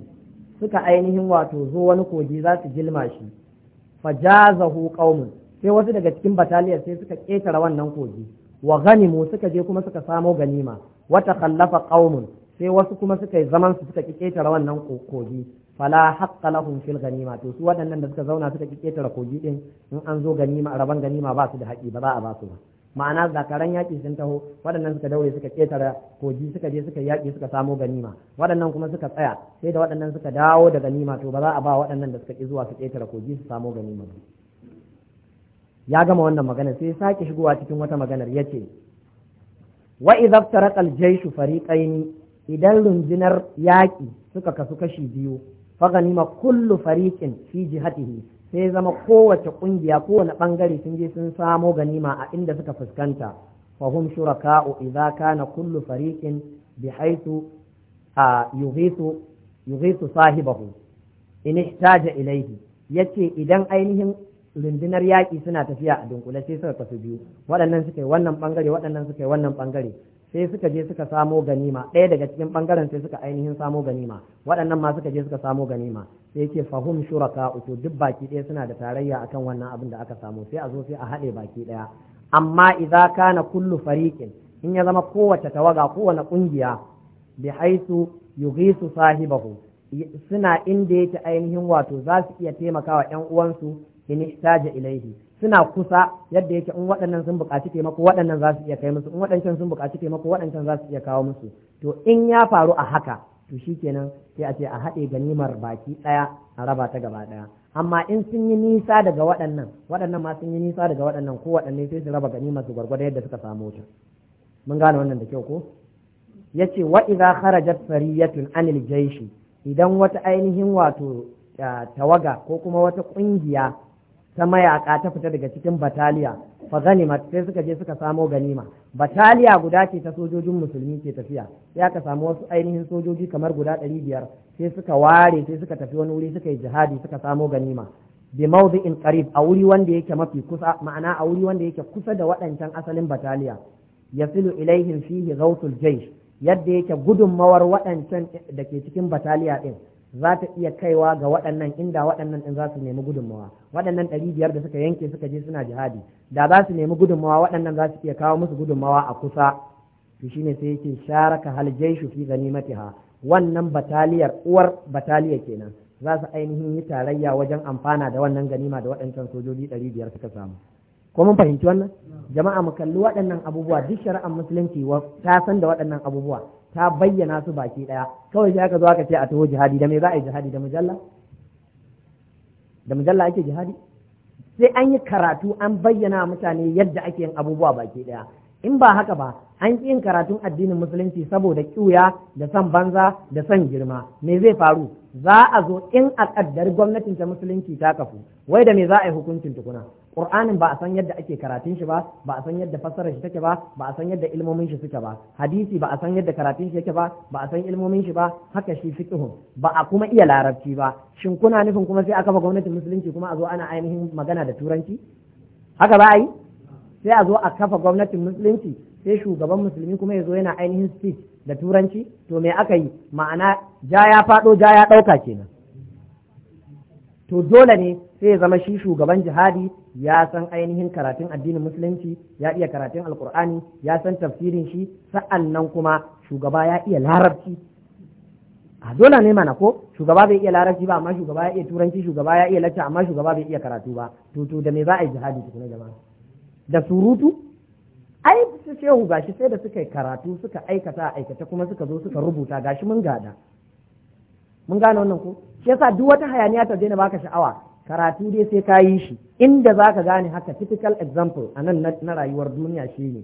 suka ainihin wato zo wani kogi za su jilma shi fa jazahu qaumun sai wasu daga cikin bataliyar sai suka ƙetare wannan kogi wa ganimu suka je kuma suka samo ganima wata kallafa qaumun sai wasu kuma suka yi zaman su suka ƙetare wannan kogi fala haqqa lahum fil ganima to su waɗannan da suka zauna suka ƙetare kogi din in an zo ganima raban ganima ba su da haƙi ba za a ba su ba ma'ana zakaran yaƙi sun taho waɗannan suka daure suka ƙetare kogi suka je suka yaƙi suka samo ganima waɗannan kuma suka tsaya sai da waɗannan suka dawo da ganima to ba za a ba waɗannan da suka ƙi zuwa su ƙetare kogi su samo ganima ba ya gama wannan magana sai sake shigowa cikin wata maganar ya ce wa idza taraqal jayshu idan rundunar yaƙi suka kasu kashi biyu faganima kullu fariqin fi jihatihi sai zama kowace ƙungiya kowane bangare sun je sun samo ganima a inda suka fuskanta fahum shuraka'u idza kana kullu fariqin bihaythu yughithu yughithu sahibahu in ihtaja ilayhi yace idan ainihin rundunar yaƙi suna tafiya a dunkule sai suka kasu biyu waɗannan suka yi wannan ɓangare waɗannan suka yi wannan ɓangare sai suka je suka samo ganima ɗaya daga cikin ɓangaren sai suka ainihin samo ganima waɗannan ma suka je suka samo ganima sai ke fahum shuraka uku duk baki ɗaya suna da tarayya akan wannan abin da aka samu sai a zo sai a haɗe baki ɗaya amma idza kana kullu fariqin in ya zama kowace tawaga kowane kungiya bi haisu yughisu sahibahu suna inda yake ainihin wato za su iya taimakawa 'yan uwansu in ihtaja ilaihi suna kusa yadda yake in waɗannan sun buƙaci taimako waɗannan za su iya kai musu in waɗancan sun buƙaci taimako waɗancan za su iya kawo musu to in ya faru a haka to shikenan sai a ce a haɗe ganimar baki ɗaya a raba ta gaba ɗaya amma in sun yi nisa daga waɗannan waɗannan ma sun yi nisa daga waɗannan ko waɗanne sai su raba ganimar su gwargwado yadda suka samu ta mun gane wannan da kyau ko yace wa idza kharajat sariyatun anil jaishi idan wata ainihin wato tawaga ko kuma wata ƙungiya ta mayaka ta fita daga cikin bataliya fa ganima sai suka je suka samo ganima bataliya guda ce ta sojojin musulmi ke tafiya sai aka samu wasu ainihin sojoji kamar guda ɗari biyar sai suka ware sai suka tafi wani wuri suka yi jihadi suka samo ganima bi mawdi'in qarib a wuri wanda yake mafi kusa ma'ana a wuri wanda yake kusa da waɗancan asalin bataliya yasilu ilaihim fihi ghawtul jaysh yadda yake gudunmawar waɗancan da ke cikin bataliya din za ta iya kaiwa ga waɗannan inda waɗannan ɗin za su nemi gudunmawa waɗannan ɗari biyar da suka yanke suka je suna jihadi da za su nemi gudunmawa waɗannan za su iya kawo musu gudunmawa a kusa to shine sai yake sharaka hal jaishu fi ganimatiha wannan bataliyar uwar bataliya kenan za su ainihin yi tarayya wajen amfana da wannan ganima da waɗancan sojoji ɗari biyar suka samu ko mun fahimci wannan jama'a mu kalli waɗannan abubuwa duk shari'ar musulunci ta san da waɗannan abubuwa ta bayyana su baki daya kawai sai aka zo aka ce a taho jihadi da me za a yi jihadi da mujalla da mujalla ake jihadi sai an yi karatu an bayyana mutane yadda ake yin abubuwa baki ɗaya. in ba haka ba an ƙi yin karatun addinin musulunci saboda ƙiuya da son banza da son girma me zai faru za a zo in a ƙaddar gwamnatin ta musulunci ta kafu wai da me za a yi hukuncin tukuna Qur'anin ba a san yadda ake karatun shi ba ba a san yadda fassarar shi take ba ba a san yadda ilmomin shi suke ba hadisi ba a san yadda karatun shi yake ba ba a san ilmomin shi ba haka shi fiqhu ba a kuma iya larabci ba shin kuna nufin kuma sai aka kafa gwamnatin musulunci kuma a zo ana ainihin magana da turanci haka ba a yi sai a zo a kafa gwamnatin musulunci sai shugaban musulmi kuma ya zo yana ainihin speech da turanci to me aka yi ma'ana ja ya faɗo ja ya ɗauka kenan to dole ne sai ya zama shi shugaban jihadi ya san ainihin karatun addinin musulunci ya iya karatun alkur'ani ya san tafsirin shi sa'annan kuma shugaba ya iya larabci a dole ne mana ko shugaba bai iya larabci ba amma shugaba ya iya turanci shugaba ya iya lacca amma shugaba bai iya karatu ba to to da me za a yi jihadi na jama'a da surutu ai su shehu gashi sai da suka yi karatu suka aikata a aikata kuma suka zo suka rubuta gashi mun gada mun gane wannan ko shi yasa duk wata hayaniya ta daina baka sha'awa karatu dai sai ka yi shi inda za ka gane haka typical example a nan na rayuwar duniya shi ne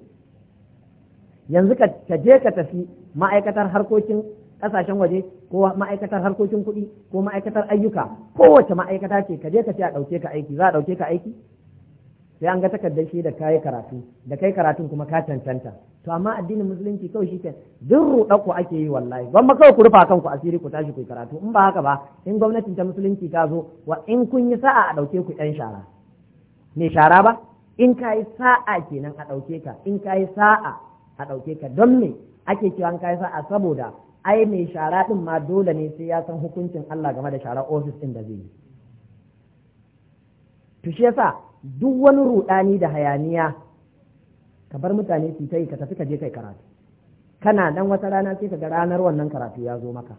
yanzu ka je ka tafi ma'aikatar harkokin kasashen waje ko ma'aikatar harkokin kuɗi ko ma'aikatar ayyuka kowace ma'aikata ce ka je ka ce a ɗauke ka aiki za a ɗauke ka aiki sai an ga takardar shi da kayi karatu da kai karatun kuma ka cancanta to amma addinin musulunci kawai shi kan duk ruɗa ake yi wallahi ban ma kawai ku rufa kanku asiri ku tashi ku karatu in ba haka ba in gwamnatin ta musulunci ta zo wa in kun yi sa'a a ɗauke ku ɗan shara me shara ba in ka yi sa'a kenan a ɗauke ka in ka yi sa'a a ɗauke ka don me ake cewa an ka yi sa'a saboda ai mai shara ɗin ma dole ne sai ya san hukuncin Allah game da shara ofis ɗin da zai yi to shi yasa duk wani rudani da hayaniya ka bar mutane su ta yi ka tafi ka je kai karatu kana dan wata rana sai kaga ranar wannan karatu ya zo maka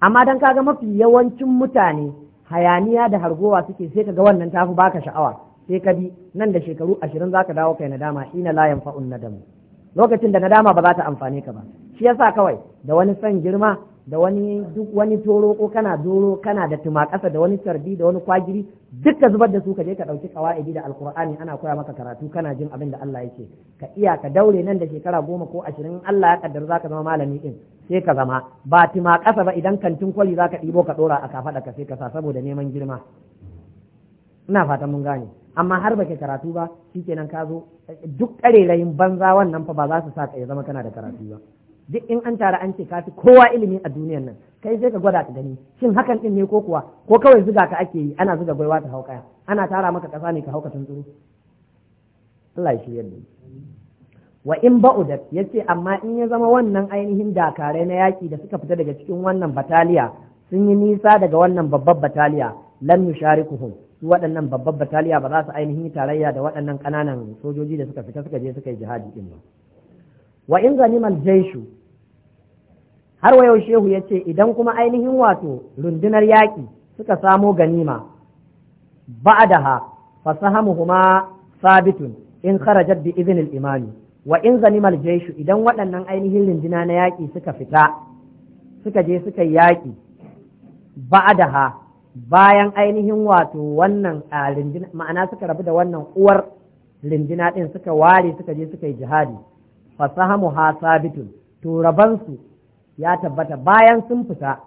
amma dan kaga mafi yawancin mutane hayaniya da hargowa suke sai kaga wannan tafi baka sha'awa sai ka bi nan da shekaru ashirin zaka dawo kai nadama ina la yanfa'un nadamu lokacin da nadama ba za ta amfane ka ba shi yasa kawai da wani san girma da wani duk wani toro ko kana doro kana da tuma tumakasa da wani sarbi da wani kwagiri duka zubar da su ka je ka dauki kawaidi da alqur'ani ana koya maka karatu kana jin abin da Allah yake ka iya ka daure nan da shekara goma ko ashirin Allah ya kaddara zaka zama malami din sai ka zama ba tuma kasa ba idan kantin kwali zaka dibo ka dora a kafada ka sai ka sa saboda neman girma ina fatan mun gane amma har baka karatu ba shikenan ka zo duk karerayin banza wannan fa ba za su sa ka ya zama kana da karatu ba duk in an tara an ce kafi kowa ilimi a duniyar nan kai sai ka gwada ka gani shin hakan din ne ko kuwa ko kawai zuga ka ake yi ana zuga gwaiwa ta hauka ana tara maka kasa ne ka hauka tunzuru Allah shi yadda wa in ya yace amma in ya zama wannan ainihin dakarai na yaki da suka fita daga cikin wannan bataliya sun yi nisa daga wannan babbar bataliya lam yusharikuhum su waɗannan babbar bataliya ba za su ainihin tarayya da waɗannan ƙananan sojoji da suka fita suka je suka yi jihadi din ba wa in ganimal jaishu har wa shehu ya ce idan kuma ainihin wato rundunar yaƙi suka samo ganima fasaha fasahamuhuma sabitun in kharajat bi iznil imami wa in zanimal jaishu idan waɗannan ainihin runduna na yaƙi suka fita suka je suka yaƙi ba'adaha bayan ainihin wato wannan ma'ana suka rabu da wannan uwar runduna ɗin suka ware suka je suka yi jihadi fasahamu ha sabitun to rabansu ya tabbata bayan sun fita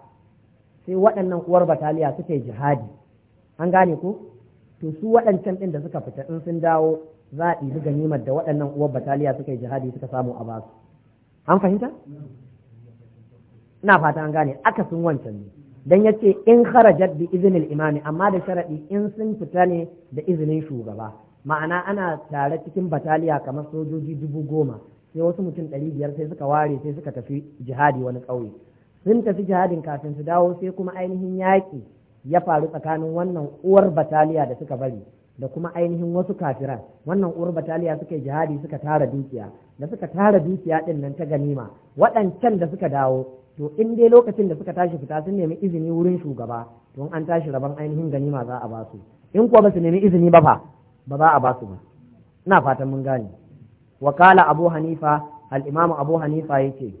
sai waɗannan uwar bataliya suka yi jihadi an gane ku? to su waɗancan ɗin da suka fita in sun dawo za a ɗibi ganimar da waɗannan uwar bataliya suka yi jihadi suka samu a basu an fahimta ina fata an gane Aka sun wancan ne dan yace in kharajat bi iznil imami amma da sharadi in sun fita ne da izinin shugaba ma'ana ana tare cikin bataliya kamar sojoji dubu goma sai wasu mutum ɗari biyar sai suka ware sai suka tafi jihadi wani ƙauye sun tafi jihadin kafin su dawo sai kuma ainihin yaƙi ya faru tsakanin wannan uwar bataliya da suka bari da kuma ainihin wasu kafiran wannan uwar bataliya suka yi jihadi suka tara dukiya da suka tara dukiya ɗin nan ta ganima waɗancan da suka dawo to in dai lokacin da suka tashi fita sun nemi izini wurin shugaba to an tashi rabon ainihin ganima za a basu in kuwa ba su nemi izini ba fa ba za a basu ba ina fatan mun gane wa abu hanifa al abu hanifa ce,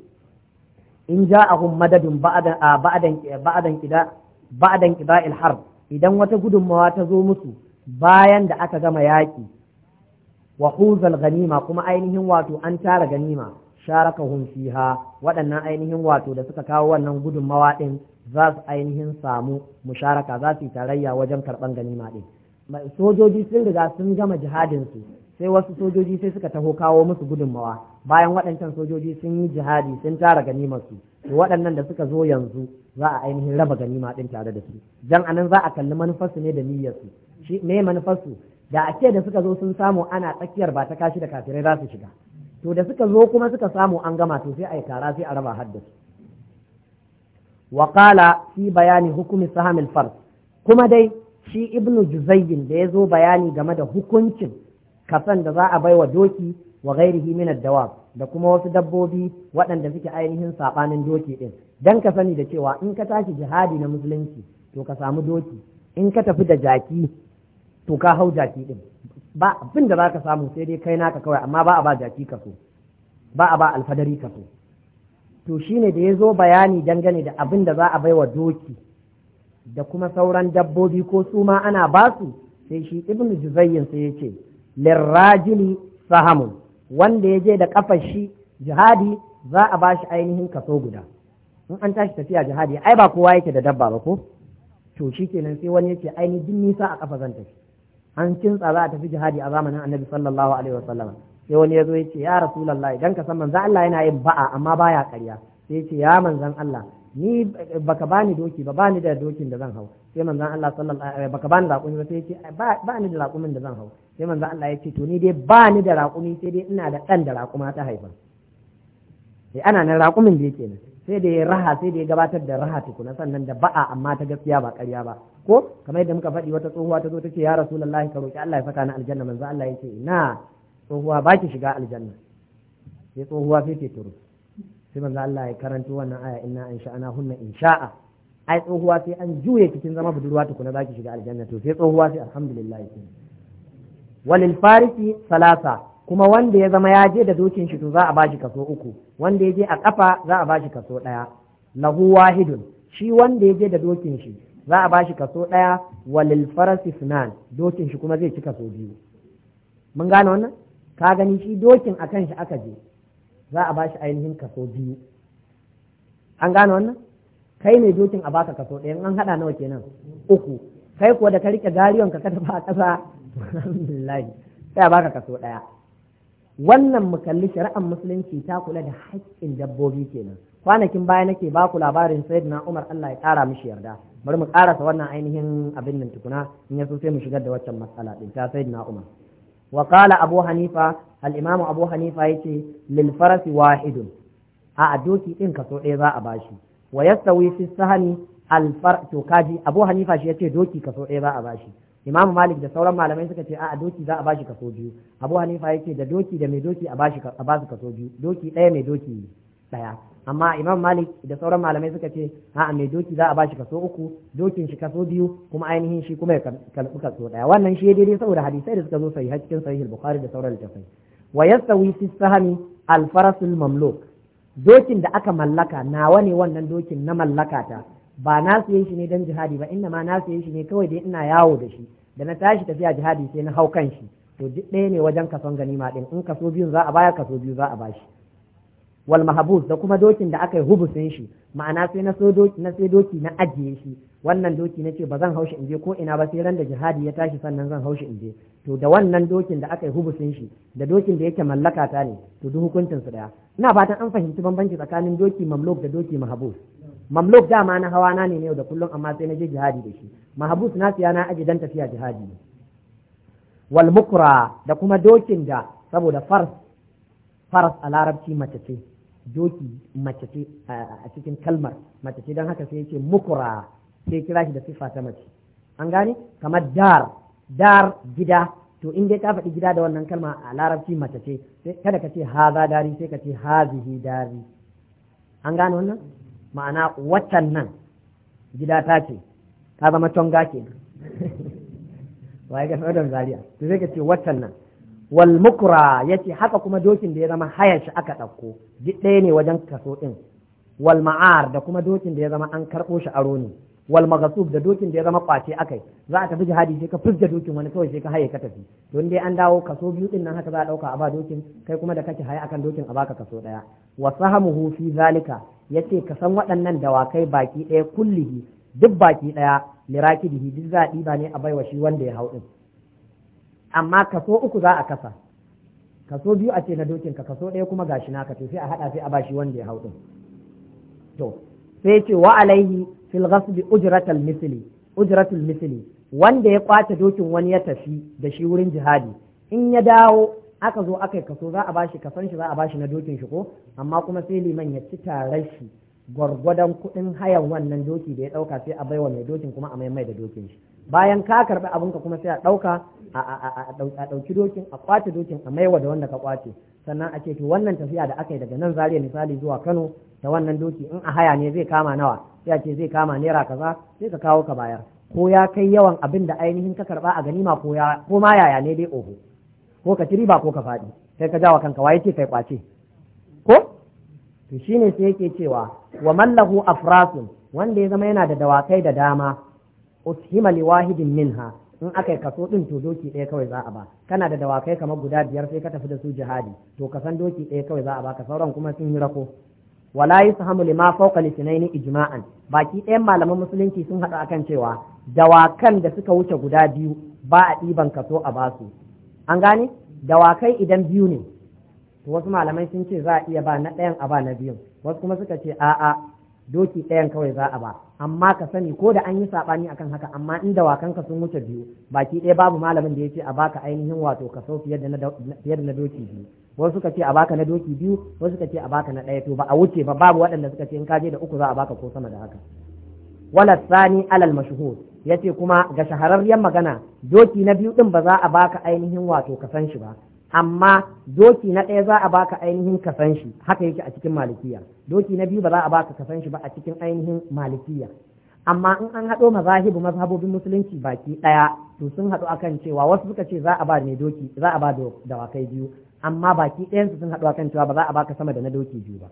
in ja'ahum a ba'dan ba'dan ba'dan kida ba'dan idan wata gudunmawa ta zo musu bayan da aka gama yaƙi wa huzal ganima kuma ainihin wato an tara ganima sharakahum fiha waɗannan ainihin wato da suka kawo wannan gudunmawa ɗin za su ainihin samu musharaka za su yi tarayya wajen karɓan ganima ɗin sojoji sun riga sun gama jihadinsu sai wasu sojoji sai suka taho kawo musu gudunmawa bayan waɗancan sojoji sun yi jihadi sun tara ganimar su to waɗannan da suka zo yanzu za a ainihin raba ganima ɗin tare da su dan anan za a kalli manufarsu ne da niyyar su shi me manufarsu da a ce da suka zo sun samu ana tsakiyar ba ta kashi da kafirai za su shiga to da suka zo kuma suka samu an gama to sai a yi tara sai a raba haddasu wa qala fi bayani hukumi sahamil fard kuma dai shi ibnu juzayyin da ya zo bayani game da hukuncin kasan da za a baiwa doki wa gairihi min dawa da kuma wasu dabbobi waɗanda suke ainihin saɓanin doki din dan ka sani da cewa in ka tashi jihadi na musulunci to ka samu doki in ka tafi da jaki to ka hau jaki din ba abin da zaka samu sai dai kai naka kawai amma ba a ba jaki so ba a ba alfadari so to shine da ya zo bayani dangane da abin da za a baiwa doki da kuma sauran dabbobi ko su ma ana basu sai shi ibnu juzayyin sai ya ce lirrajili sahamun wanda ya je da kafar shi jihadi za a ba shi ainihin kaso guda in an tashi tafiya jihadi ai ba kowa yake da dabba ba ko to shi kenan sai wani yake ainihin nisa a kafa zan tafi an kintsa za a tafi jihadi a zamanin annabi sallallahu alaihi wasallama sai wani ya zo ya ce ya rasulallah idan ka san manzan Allah yana yin ba'a amma baya karya sai ce ya manzon Allah ni baka bani doki ba bani da dokin da zan hau sai manzon Allah sallallahu alaihi baka bani da ba sai yace ba ni da raƙumin da zan hau sai manzon Allah yace to ni dai ba ni da raƙumi sai dai ina da ɗan da raƙuma ta haifa sai eh, ana nan raƙumin da yake nan sai da ya raha sai da ya gabatar da raha tukuna sannan da ba'a amma ta gaskiya ba ƙarya ba ko kamar yadda muka faɗi wata tsohuwa ta zo ta ce ya rasulullahi ka roki Allah ya saka ni aljanna manzo Allah yace ina tsohuwa ba ki shiga aljanna sai tsohuwa sai ce turu sai manzo Allah ya karanto wannan aya inna in sha'ana hunna in sha'a ai tsohuwa sai an juye cikin zama budurwa ta tukuna zaki shiga aljanna to sai tsohuwa sai alhamdulillah kin walil farisi salasa kuma wanda ya zama ya je da dokin shi to za a bashi kaso uku wanda ya je a kafa za a bashi kaso daya lahu wahidun shi wanda ya je da dokin shi za a bashi kaso daya walil farasi sunan dokin shi kuma zai ci kaso biyu mun gane wannan ka gani shi dokin akan shi aka je za a bashi ainihin kaso biyu an gane wannan kai mai dokin a baka kaso ɗaya an haɗa nawa kenan uku kai kuwa da ka rike gariyon ka kada ba ƙasa alhamdulillah sai a baka kaso ɗaya wannan mu kalli shari'ar musulunci ta kula da haƙƙin dabbobi kenan kwanakin baya nake ba ku labarin sayyidina Umar Allah ya ƙara mishi yarda bari mu ƙarasa wannan ainihin abin nan tukuna in yaso sai mu shigar da waccan matsala din ta sayyidina Umar wa qala Abu Hanifa al abu hanifa yace lil farasi wahidun a doki din kaso ɗaya za a bashi wa yastawi fi sahani al far to kaji abu hanifa shi ya ce doki kaso ɗaya za a bashi imamu malik da sauran malamai suka ce a doki za a bashi kaso biyu abu hanifa ya ce da doki da mai doki a bashi a basu kaso biyu doki ɗaya mai doki ɗaya amma imam malik da sauran malamai suka ce a mai doki za a bashi kaso uku dokin shi kaso biyu kuma ainihin shi kuma ya karɓi kaso ɗaya wannan shi daidai saboda hadisai da suka zo sahih cikin sahih bukhari da sauran littafai wa yastawi fi sahmi al farasul mamluk dokin da aka mallaka nawa ne wannan dokin na mallaka ta ba na siye shi ne dan jihadi ba inna ma na siye shi ne kawai dai ina yawo da shi da na tashi tafiya jihadi sai na hau kan shi to duk ɗaya ne wajen kason ganima din in kaso biyun za a baya kaso biyu za a bashi wal mahabus da kuma dokin da aka yi hubusin shi ma'ana sai na sai doki na ajiye shi wannan doki na ce ba zan haushi in je ko ina ba sai ran da jihadi ya tashi sannan zan haushi in je to da wannan dokin da aka yi hubusin shi da dokin da yake mallaka ta ne to duk hukuncin su daya ina fatan an fahimci bambanci tsakanin doki mamlok da doki mahabus mamlok dama na hawa na ne yau da kullum amma sai na je jihadi da shi mahabus na siya na aji dan tafiya jihadi wal mukra da kuma dokin da saboda fars fars a larabci mace ce doki mace ce a cikin kalmar mace ce don haka sai yake mukra sai kira shi da siffa ta mace an gane kamar dar dar gida to in dai ka faɗi gida da wannan kalma a larabci mace ce kada ka ce haza dari sai ka ce hazihi dari an gane wannan ma'ana watan nan gida ta ce ta zama tonga ke waye ga sauran zaria to sai ka ce watan nan wal mukra yace haka kuma dokin da ya zama hayar shi aka ɗauko duk ɗaya ne wajen kaso ɗin wal ma'ar da kuma dokin da ya zama an karɓo shi aro ne wal da dokin da ya zama kwace akai za a tafi jihadi sai ka fuska dokin wani kawai sai ka haye ka tafi don dai an dawo kaso biyu din nan haka za a dauka a ba dokin kai kuma da kake haye akan dokin a baka kaso daya wa sahamuhu fi zalika yace ka san waɗannan dawakai baki ɗaya kullihi duk baki ɗaya lirakidihi duk za a ɗiba ne a baiwa shi wanda ya hau din amma kaso uku za a kasa kaso biyu a ce na dokin ka kaso ɗaya kuma gashi naka to sai a haɗa sai a ba shi wanda ya hau din to sai ce wa alaihi fil ghasbi ujratal misli ujratul misli wanda ya kwace dokin wani ya tafi da shi wurin jihadi in ya dawo aka zo aka kaso za a bashi kasan shi za a bashi na dokin shi ko amma kuma sai liman ya ci tare shi gwargwadon kuɗin hayan wannan doki da ya ɗauka sai a baiwa mai dokin kuma a maimai da dokin shi bayan ka karɓi abinka kuma sai a ɗauka a ɗauki dokin a kwace dokin a maiwa da wanda ka kwace sannan a ce to wannan tafiya da aka yi daga nan zariya misali zuwa kano da wannan doki in a haya ne zai kama nawa ya ce zai kama naira kaza sai ka kawo ka bayar ko ya kai yawan abin da ainihin ka karba a ganima ko ya ko ma yaya ne dai oho ko ka ci riba ko ka faɗi sai ka jawa kanka waye ce kai kwace ko to shine sai yake cewa wa mallahu afrasun wanda ya zama yana da dawakai da dama uthima li wahidin minha in aka yi kaso ɗin to doki ɗaya kawai za a ba kana da dawakai kamar guda biyar sai ka tafi da su jihadi to kasan doki ɗaya kawai za a ba ka sauran kuma sun yi rako wala hamulima lima fawqa ijima'an ijma'an baki ɗayan malaman musulunci sun haɗu akan cewa dawakan da suka wuce guda biyu ba a ɗiban kaso a basu an gane dawakai idan biyu ne to wasu malamai sun ce za a iya ba na ɗayan a ba na biyun wasu kuma suka ce a'a doki ɗayan kawai za a ba amma ka sani ko da an yi saɓani akan haka amma in dawakanka sun wuce biyu baki ɗaya babu malamin da ya ce a baka ainihin wato kaso fiye da na doki biyu wasu suka ce a baka na doki biyu wasu suka ce a baka na ɗaya to ba a wuce ba babu waɗanda suka ce in ka je da uku za a baka ko sama da haka wala sani alal mashhur yace kuma ga shahararren magana doki na biyu din ba za a baka ainihin wato kasan shi ba amma doki na ɗaya za a baka ainihin kasan shi haka yake a cikin malikiya doki na biyu ba za a baka kasan shi ba a cikin ainihin malikiya amma in an haɗo mazahibu mazhabobin musulunci baki ɗaya to sun haɗu akan cewa wasu suka ce za a ba ne doki za a ba dawakai biyu amma baki ɗayan sun haɗu akan cewa ba za a baka sama da na doki biyu ba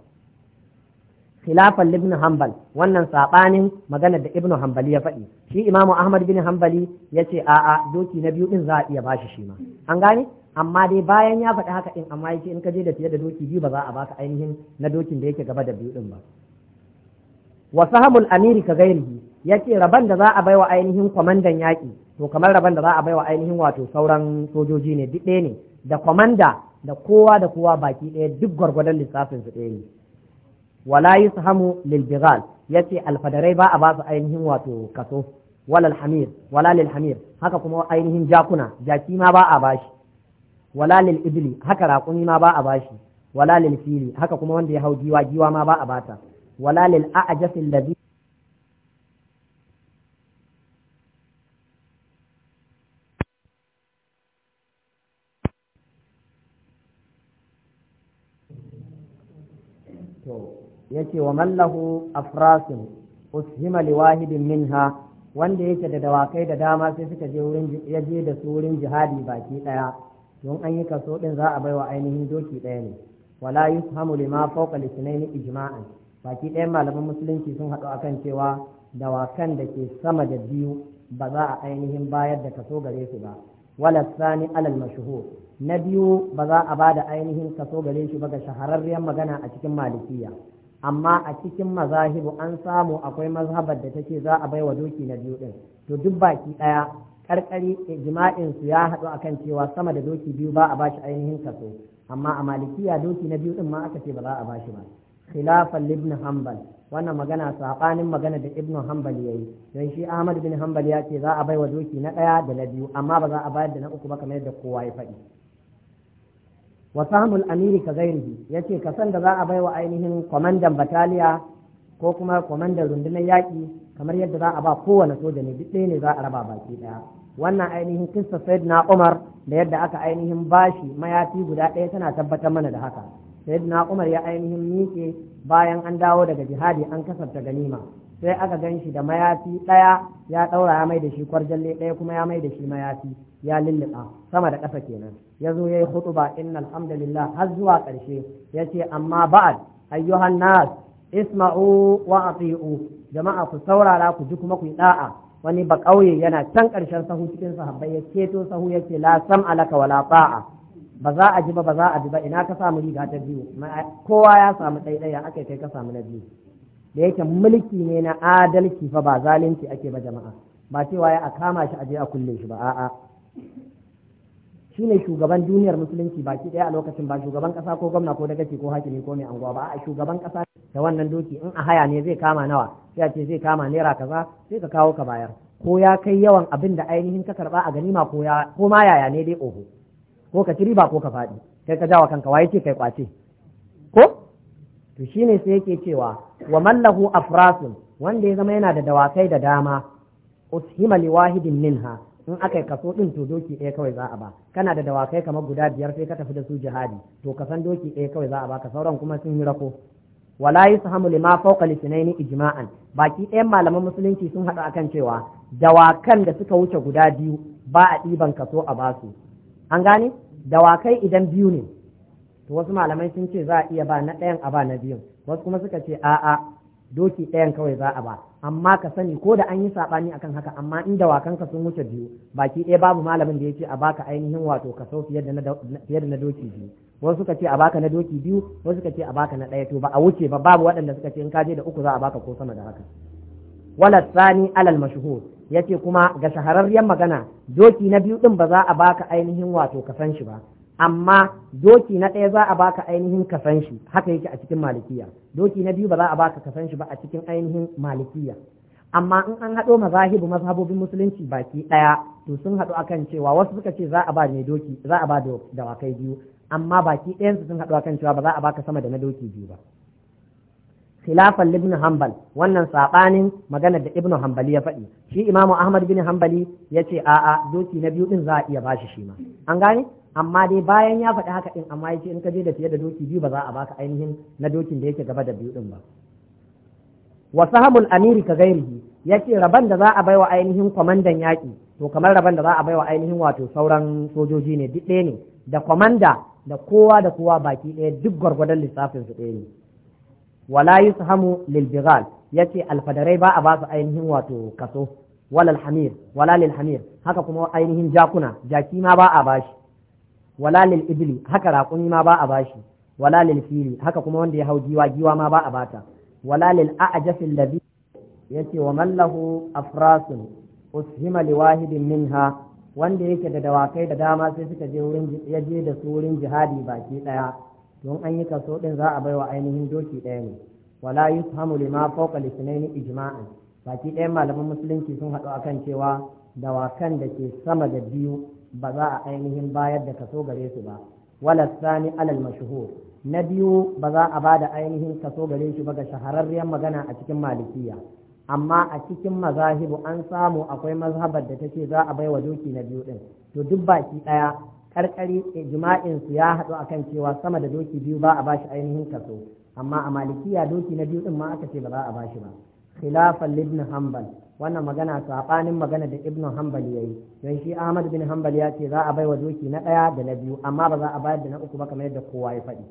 khilafan ibn hanbal wannan sabanin maganar da ibn hanbali ya faɗi shi imamu ahmad bin hanbali yace a'a doki na biyu din za a iya bashi shi ma an gane amma dai bayan ya faɗi haka in amma yace in ka je da fiye da doki biyu ba za a baka ainihin na dokin da yake gaba da biyu din ba wa sahamul amiri ka gairihi yace raban da za a baiwa ainihin kwamandan yaƙi to kamar raban da za a baiwa ainihin wato sauran sojoji ne duk ɗaya ne da kwamanda da kowa da kowa baki ɗaya duk gwargwadon lissafin su ɗaya ne wala hamu lil ya ce alfadarai ba a ba su ainihin wato kaso wala lilhamir haka kuma ainihin jakuna jaki ma ba a bashi wala lil ibli haka raƙumi ma ba a bashi wala lil fili haka kuma wanda ya hau giwa giwa ma ba a bata wala lil a'jasi allazi to yace wa mallahu afrasin ushima liwahidin minha wanda yake da dawakai da dama sai suka je wurin ya je da su wurin jihadi baki daya don an yi kaso ɗin za a baiwa ainihin doki ɗaya ne wala yufhamu lima fawqa lisnaini ijma'an baki ɗaya malaman musulunci sun haɗu akan cewa dawakan da ke sama da biyu ba za a ainihin bayar da kaso gare su ba wala sani alal mashhur na biyu ba za a ba da ainihin kaso gare shi ba ga shahararriyar magana a cikin malikiya amma a cikin mazahibu an samu akwai mazhabar da take za a baiwa doki na biyu ɗin. to duk baki ɗaya karkari jima'in su ya haɗu akan cewa sama da doki biyu ba a bashi ainihin kaso amma a malikiya doki na biyu ɗin ma aka ce ba za a bashi ba khilafan ibn hanbal wannan magana sabanin magana da ibn hanbal yayi dan shi ahmad bin hanbal ya ce za a baiwa doki na ɗaya da na biyu amma ba za a bayar da na uku ba kamar yadda kowa ya faɗi wa sahmul amiri ka gairihi yace kasan da za a baiwa ainihin kwamandan bataliya ko kuma kwamandan rundunar yaƙi kamar yadda za a ba kowane soja ne duk ɗaya ne za a raba baki ɗaya wannan ainihin kissa na umar da yadda aka ainihin bashi mayafi guda ɗaya tana tabbatar mana da haka na umar ya ainihin miƙe bayan an dawo daga jihadi an kasarta ganima sai aka gan shi da mayafi ɗaya ya ɗaura ya mai da shi kwarjalle ɗaya kuma ya mai da shi mayafi ya lulluɓa sama da ƙasa kenan ya zo ya yi hutuba inna alhamdulillah har zuwa ƙarshe ya ce amma ba'ad ayyuhan nas isma'u wa ati'u jama'a ku saurara ku ji kuma ku yi da'a wani ba ƙauye yana can ƙarshen sahu cikin sahabbai ya keto sahu yake ce la sam alaka wala ta'a ba za a ji ba ba za a ji ba ina ka samu riga ta biyu kowa ya samu ɗaiɗaya aka kai ka samu na biyu da yake mulki ne na adalci fa ba zalunci ake ba jama'a ba cewa ya a kama shi a je a kulle shi ba a'a Shi ne shugaban duniyar musulunci baki ɗaya a lokacin ba shugaban ƙasa ko gwamna ko dagaci ko hakimi ko mai anguwa ba a shugaban kasa da wannan doki in a haya ne zai kama nawa sai a ce zai kama naira kaza sai ka kawo ka bayar ko ya kai yawan abin da ainihin ka karɓa a ganima ko ya ko ma yaya ne dai oho ko ka ci riba ko ka faɗi kai ka jawa kanka waye ce kai kwace ko to shine sai yake cewa wa mallahu afrasun wanda ya zama yana da dawakai da dama ushima liwahidin minha in aka yi kaso din to doki ɗaya kawai za a ba kana da dawakai kamar guda biyar sai ka tafi da su jihadi to kasan doki ɗaya kawai za a ba ka sauran kuma sun yi rako wala yusahamu lima fawqa lisnaini ijma'an baki ɗayan malaman musulunci sun haɗu akan cewa dawakan da suka wuce guda biyu ba a ɗiban kaso a basu an gane dawakai idan biyu ne to wasu malamai sun ce za a iya ba na ɗayan a ba na biyun wasu kuma suka ce a'a doki ɗayan kawai za a ba amma ka sani ko da an yi saɓani akan haka amma in wakanka sun wuce biyu baki ɗaya babu malamin da ya ce a baka ainihin wato kaso fiye da na doki biyu wasu suka ce a baka na doki biyu wasu suka ce a baka na ɗaya to ba a wuce ba babu waɗanda suka ce in ka je da uku za a baka ko sama da haka wala sani alal mashhur yace kuma ga shahararren magana doki na biyu din ba za a baka ainihin wato ka san shi ba amma doki na ɗaya za a baka ainihin kasan shi haka yake a cikin malikiya doki na biyu ba za a baka kasan shi ba a cikin ainihin malikiya amma in an haɗo mazahibu mazhabobin musulunci baki ɗaya to sun haɗu akan cewa wasu suka ce za a ba ne doki za a ba dawakai biyu amma baki ɗayansu sun haɗu akan cewa ba za a baka sama da na doki biyu ba khilafan ibn hanbal wannan sabanin magana da ibn hanbali ya faɗi shi imamu ahmad bin hanbali ya ce a'a doki na biyu din za a iya bashi shi ma an gane amma dai bayan ya faɗi haka ɗin amma ya in ka je da fiye da doki biyu ba za a baka ainihin na dokin da yake gaba da biyu ɗin ba wa sahamul amiri ka gairihi ya ce rabon da za a baiwa ainihin kwamandan yaƙi to kamar rabon da za a baiwa ainihin wato sauran sojoji ne duk ɗaya ne da kwamanda da kowa da kowa baki ɗaya duk gwargwadon lissafin su ɗaya ne wala yushamu lilbiral ya yace alfadarai ba a ba su ainihin wato kaso walal hamir wala lil hamir haka kuma ainihin jakuna jaki ma ba a bashi wala lil ibli haka raƙumi ma ba a bashi wala lil fili haka kuma wanda ya hau giwa giwa ma ba a bata wala lil a'jasil ladhi yace wa man lahu afrasun ushima li wahidin minha wanda yake da dawakai da dama sai suka je wurin ya je da su wurin jihadi baki daya don an yi kaso din za a bai wa ainihin doki daya ne wala yushamu lima fawqa lisnaini ijma'an baki ɗayan malaman musulunci sun haɗu akan cewa dawakan da ke sama da biyu ba za a ainihin bayar da kaso gare su ba wala sani alal mashhur na biyu ba za a bada ainihin kaso gare shi ba ga shahararriyar magana a cikin malikiya amma a cikin mazahibu an samu akwai mazhabar da take za a bai wa doki na biyu din to duk baki daya karkari ijma'in su ya haɗu akan cewa sama da doki biyu ba a bashi ainihin kaso amma a malikiya doki na biyu din ma aka ce ba za a bashi ba khilafan ibn hanbal wannan magana saɓanin magana da ibnu hanbali yi don shi ahmad bin hanbali ya ce za a bai wa doki na ɗaya da na biyu amma ba za a bayar da na uku ba kamar yadda kowa ya faɗi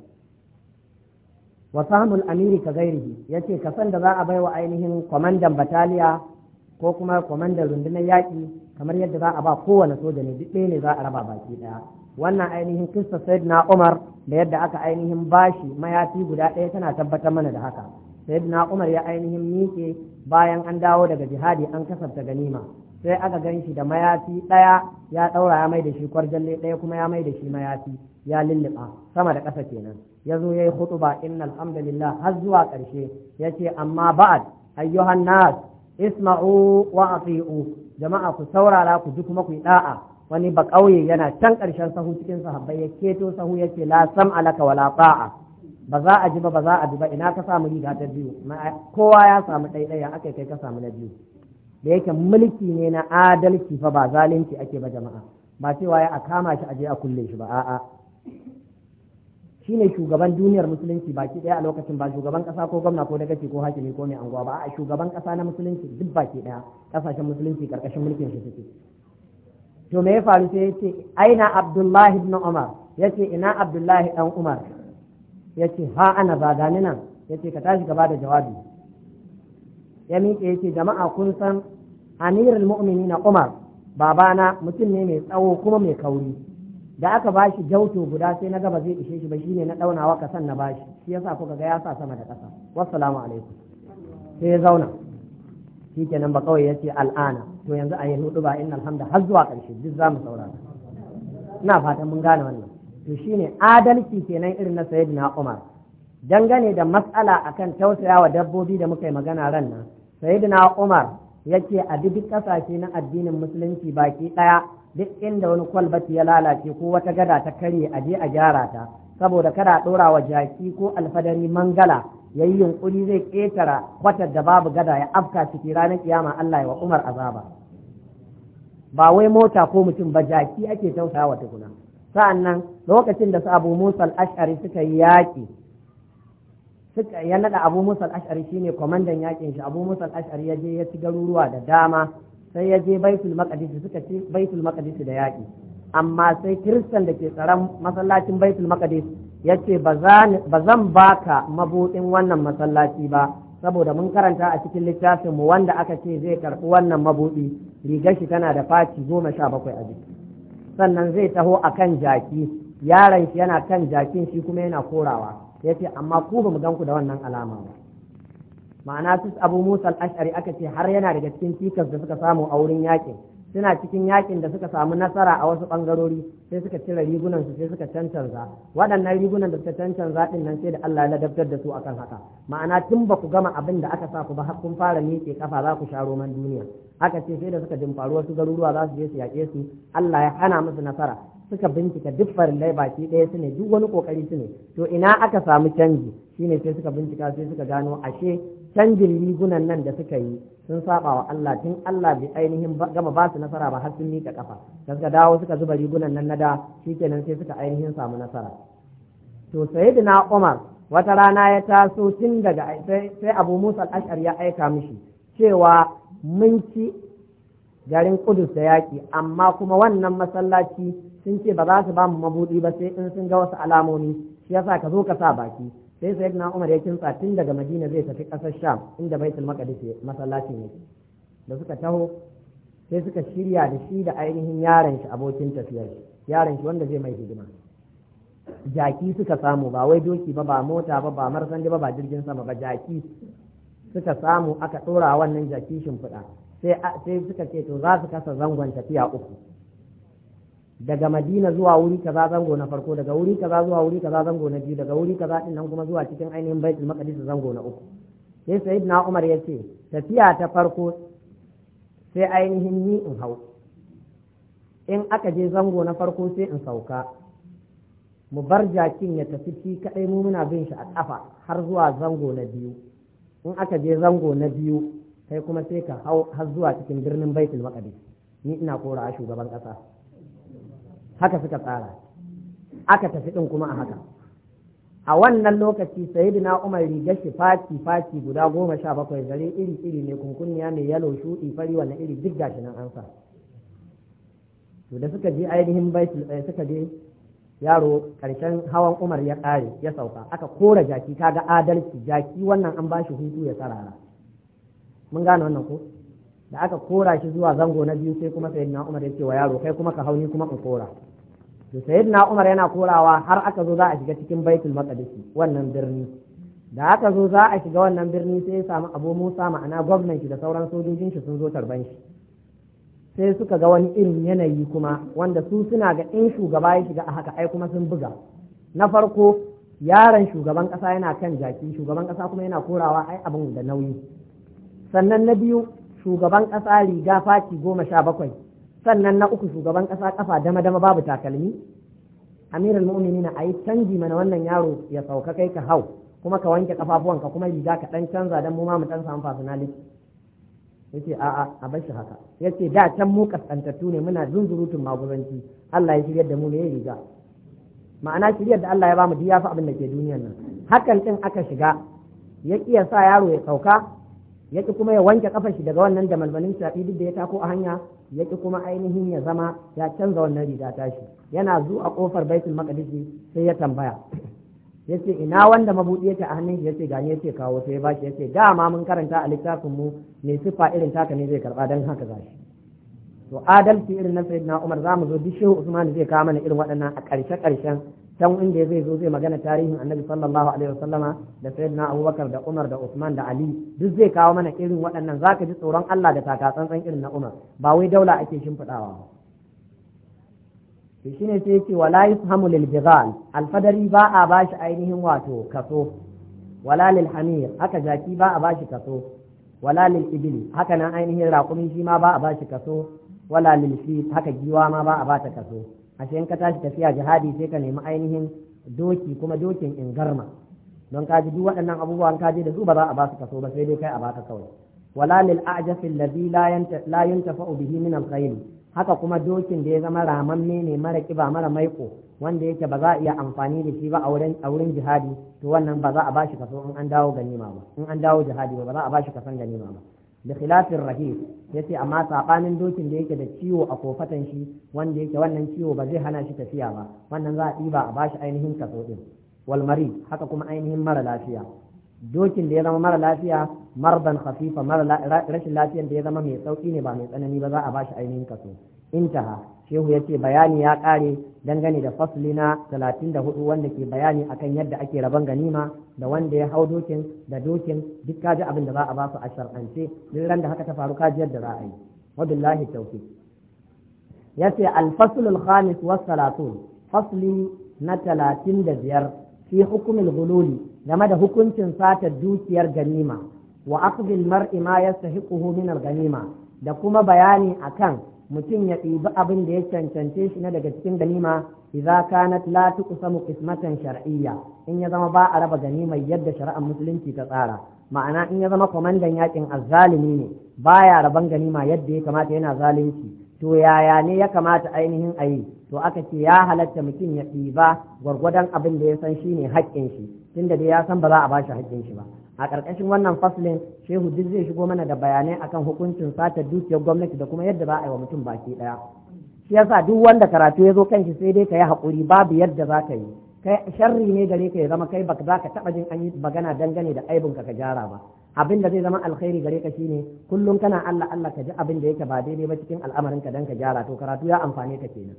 wa sahmul amiri ka gairihi yace kasan da za a bai wa ainihin kwamandan bataliya ko kuma kwamandan rundunar yaƙi kamar yadda za a ba kowane soja ne duk ɗaya ne za a raba baki ɗaya wannan ainihin kista na umar da yadda aka ainihin bashi mayafi guda ɗaya tana tabbatar mana da haka sayyidina umar ya ainihin miƙe bayan an dawo daga jihadi an kasafta ganima sai aka gan shi da mayafi ɗaya ya ɗaura ya mai da shi kwarjalle ɗaya kuma ya mai da shi mayafi ya lulluɓa sama da ƙasa kenan ya zo ya yi hutuba inna alhamdulillah har zuwa ƙarshe ya ce amma ba'ad ayyuhan nas isma'u wa ati'u jama'a ku saurara ku ji kuma ku yi da'a wani ba ƙauye yana can ƙarshen sahu cikin sahabbai ya keto sahu ya ce la sam'a laka wala ta'a ba za a ji ba ba za a ji ba ina ka samu riga ta biyu kowa ya samu ɗaiɗaya aka kai ka samu na biyu da yake mulki ne na adalci fa ba zalunci ake ba jama'a ba cewa ya a kama shi a je a kulle shi ba a'a ne shugaban duniyar musulunci baki ɗaya a lokacin ba shugaban ƙasa ko gwamna ko dagaci ko hakimi ko mai anguwa ba a shugaban ƙasa na musulunci duk baki ɗaya ƙasashen musulunci ƙarƙashin mulkin shi suke to me ya faru sai ya ce aina abdullahi ibn umar ya ce ina abdullahi dan umar ya ce ha ana ba gani nan ya ce ka tashi gaba da jawabi ya miƙe ya ce jama'a kun san amirul mu'mini na umar babana mutum ne mai tsawo kuma mai kauri da aka ba shi jauto guda sai na gaba zai ishe shi ba shine na wa kasan na ba shi yasa kuka ga ya sa sama da ƙasa wassalamu alaikum sai ya zauna shi kenan ba kawai ya ce al'ana to yanzu a yi hudu ba inna alhamda har zuwa ƙarshe duk za mu saurara ina fatan mun gane wannan to shine adalci kenan irin na sayyidina Umar dangane da matsala akan tausayawa dabbobi da muka yi magana ran nan sayyidina Umar yace a duk kasashe na addinin musulunci baki ɗaya duk inda wani kwalbati ya lalace ko wata gada ta karye a je a gyara ta saboda kada dora wa jaki ko alfadari mangala ya yi yunkuri zai ƙetara kwatar da babu gada ya afka ciki ranar kiyama Allah ya wa Umar azaba ba wai mota ko mutum ba jaki ake wa tukuna sa'annan lokacin da su abu ashari suka yi yaƙi suka ya naɗa abu musa al-ash'ari shine kwamandan yaƙin shi abu musa ashari ya je ya ci garuruwa da dama sai ya je baitul maqdis suka ci baitul maqdis da yaƙi amma sai kiristan da ke tsaron masallacin baitul maqdis ya ce ba zan baka mabuɗin wannan masallaci ba saboda mun karanta a cikin littafinmu wanda aka ce zai karɓi wannan mabuɗi rigar shi tana da faci goma sha bakwai a jiki sannan zai taho a kan jaki yaron shi yana kan jakin shi kuma yana korawa ya ce amma ku ba mu gan ku da wannan alama ba ma'ana su abu musa al'ashari aka ce har yana daga cikin cikas da suka samu a wurin yakin suna cikin yakin da suka samu nasara a wasu bangarori sai suka cire rigunan su sai suka cancanza waɗannan rigunan da suka cancanza din nan sai da Allah ya ladabtar da su akan haka ma'ana tun ba ku gama abin da aka sa ku ba har kun fara miƙe kafa za ku sha roman duniya aka ce sai da suka jin faruwar su garuruwa za su je su yaƙe su Allah ya hana musu nasara suka bincika duk dai baki ɗaya su ne duk wani kokari su ne to ina aka samu canji shine sai suka bincika sai suka gano ashe canjin rigunan nan da suka yi sun saba wa Allah tun Allah bai ainihin gama ba su nasara ba har sun mika kafa da suka dawo suka zuba rigunan nan na da shikenan sai suka ainihin samu nasara to sayyidina Umar wata rana ya taso tun daga sai Abu Musa al-Ash'ari ya aika mishi cewa mun ci garin kudus da yaƙi amma kuma wannan masallaci sun ce ba za su ba mu mabuɗi ba sai in sun ga wasu alamomi shi yasa ka zo ka sa baki sai na umar ya kinsa tun daga madina zai tafi ƙasar sham inda baitul maqdis masallacin yake da suka taho sai suka shirya da shi da ainihin yaron shi abokin tafiyar yaron shi wanda zai mai hidima jaki suka samu ba wai doki ba ba mota ba ba marsandi ba ba jirgin sama ba jaki suka samu aka ɗora wannan jaki shimfiɗa sai suka ce to za su kasa zangon tafiya uku daga madina zuwa wuri kaza zango na farko daga wuri kaza zuwa wuri kaza zango na biyu daga wuri kaza din nan kuma zuwa cikin ainihin baitul maqdis zango na uku sai sayyidina umar ya ce tafiya ta farko sai ainihin ni in hau in aka je zango na farko sai in sauka mu bar jakin ya tafi ci kadai mu muna bin shi a kafa har zuwa zango na biyu in aka je zango na biyu kai kuma sai ka hau har zuwa cikin birnin baitul maqdis ni ina a shugaban ƙasa haka suka tsara aka tafi ɗin kuma a haka a wannan lokaci sayyidina umar riga shi faci guda goma sha bakwai zare iri iri ne kunkunniya mai yalo shuɗi fari wannan iri duk gashi nan an sa to da suka je ainihin baitul eh, suka je yaro karshen hawan umar ya ƙare ya sauka aka kora jaki kaga adalci jaki wannan an ba shi hutu ya sarara mun gane wannan ko da aka kora shi zuwa zango na biyu sai kuma sayyidina umar ya ce wa yaro kai kuma ka hauni kuma in kora to sayyidina umar yana korawa har aka zo za a shiga cikin baitul maqdis wannan birni da aka zo za a shiga wannan birni sai ya samu abu musa ma'ana gwamnan da sauran sojojin shi sun zo tarban shi sai suka ga wani irin yanayi kuma wanda su suna ga in shugaba ya shiga a haka ai kuma sun buga na farko yaron shugaban ƙasa yana kan jaki shugaban kasa kuma yana korawa ai abin da nauyi sannan na biyu shugaban ƙasa riga faci goma sha bakwai sannan na uku shugaban ƙasa kafa dama dama babu takalmi amirul mu'minina ayi canji mana wannan yaro ya sauka kai ka hau kuma ka wanke kafafuwanka kuma riga ka ɗan canza dan mu ma mu dan samu personality yace a'a a bar shi haka yace da can mu kaskantattu ne muna zunzurutun maguzanci Allah ya shirya da mu ne ya riga ma'ana shiryar da Allah ya bamu duk yafi abin da ke duniyar nan hakan din aka shiga ya iya sa yaro ya sauka ya ki kuma ya wanke kafar shi daga wannan da malmalin shafi duk da ya tako a hanya ya ki kuma ainihin ya zama ya canza wannan riga tashi yana zuwa kofar baitul maqdis sai ya tambaya ya ce ina wanda mabuɗi yake a hannun ya ce gani ya ce kawo sai ba shi ya ce dama mun karanta a littafin mu mai siffa irin taka ne zai karba don haka gashi to adalci irin na sayyidina Umar za mu zo duk shehu Usman zai kawo mana irin waɗannan a ƙarshe ƙarshen can inda zai zo zai magana tarihin Annabi sallallahu alaihi wasallama da sayyidina Abubakar da Umar da Usman da Ali duk zai kawo mana irin waɗannan zaka ji tsoron Allah da taka tsantsan irin na Umar ba wai daula ake shimfiɗawa ba shi shine sai yace wala yufhamu lil bighal alfadari ba a bashi ainihin wato kaso wala lil hamir haka jaki ba a bashi kaso wala lil haka nan ainihin raƙumi shi ma ba a bashi kaso wala lil haka giwa ma ba a bata kaso ashe in ka tashi tafiya jihadi sai ka nemi ainihin doki kuma dokin ingarma don kaji duk waɗannan abubuwan kaji da su ba za a basu kaso ba sai dai kai a baka kawai wala lil a'jafi allazi la yuntafa'u bihi min al haka kuma dokin da ya zama ramamme ne mara kiba mara maiko wanda yake ba za a iya amfani da shi ba a wurin jihadi to wannan ba za a bashi kaso in an dawo ganima ba in an dawo jihadi ba za a bashi kason ganima ba da khilafin yace amma sabanin dokin da yake da ciwo a kofatan shi wanda yake wannan ciwo ba zai hana shi tafiya ba wannan za a ɗiba a bashi ainihin kaso din wal haka kuma ainihin mara lafiya dokin da ya zama mara lafiya marban khafifa mara rashin lafiyar da ya zama mai sauki ne ba mai tsanani ba za a bashi ainihin kaso intaha shehu ya ce bayani ya kare dangane da fasli na 34 wanda ke bayani akan yadda ake rabon ganima da wanda ya hau dokin da dokin duk ji abin da za a ba su a shar'ance duk ran da haka ta faru kaji yadda za a yi wabillahi tawfiq yace al-fasl al-khamis wa salatun fasli na 35 fi hukumin hululi game da hukuncin satar dukiyar ganima wa akhdhil mar'i ma yastahiquhu min al-ganima da kuma bayani akan mutum ya ɗibi abin da ya cancance shi na daga cikin ganima idza kanat la tuqsamu qismatan shar'iyya in ya zama ba a raba ganimar yadda shari'ar musulunci ta tsara ma'ana in ya zama kwamandan yakin azzalimi ne baya raban ganima yadda ya kamata yana zalunci to yaya ne ya kamata ainihin a yi to aka ce ya halatta mutum ya ɗiba gwargwadon abin da ya san shi ne haƙƙin shi tunda dai ya san ba za a bashi haƙƙin shi ba a ƙarƙashin wannan faslin shehu duk zai shigo mana da bayanai akan hukuncin satar dukiyar gwamnati da kuma yadda za a yi wa mutum baki ɗaya shi yasa duk wanda karatu ya zo kanshi sai dai ka yi haƙuri babu yadda za ka yi kai sharri ne gare ka ya zama kai ba za ka taɓa jin an yi magana dangane da aibinka ka gyara ba abin da zai zama alkhairi gare ka shine kullum kana Allah Allah ka ji abin da yake ba daidai ba cikin al'amarin ka dan ka gyara to karatu ya amfane ka kenan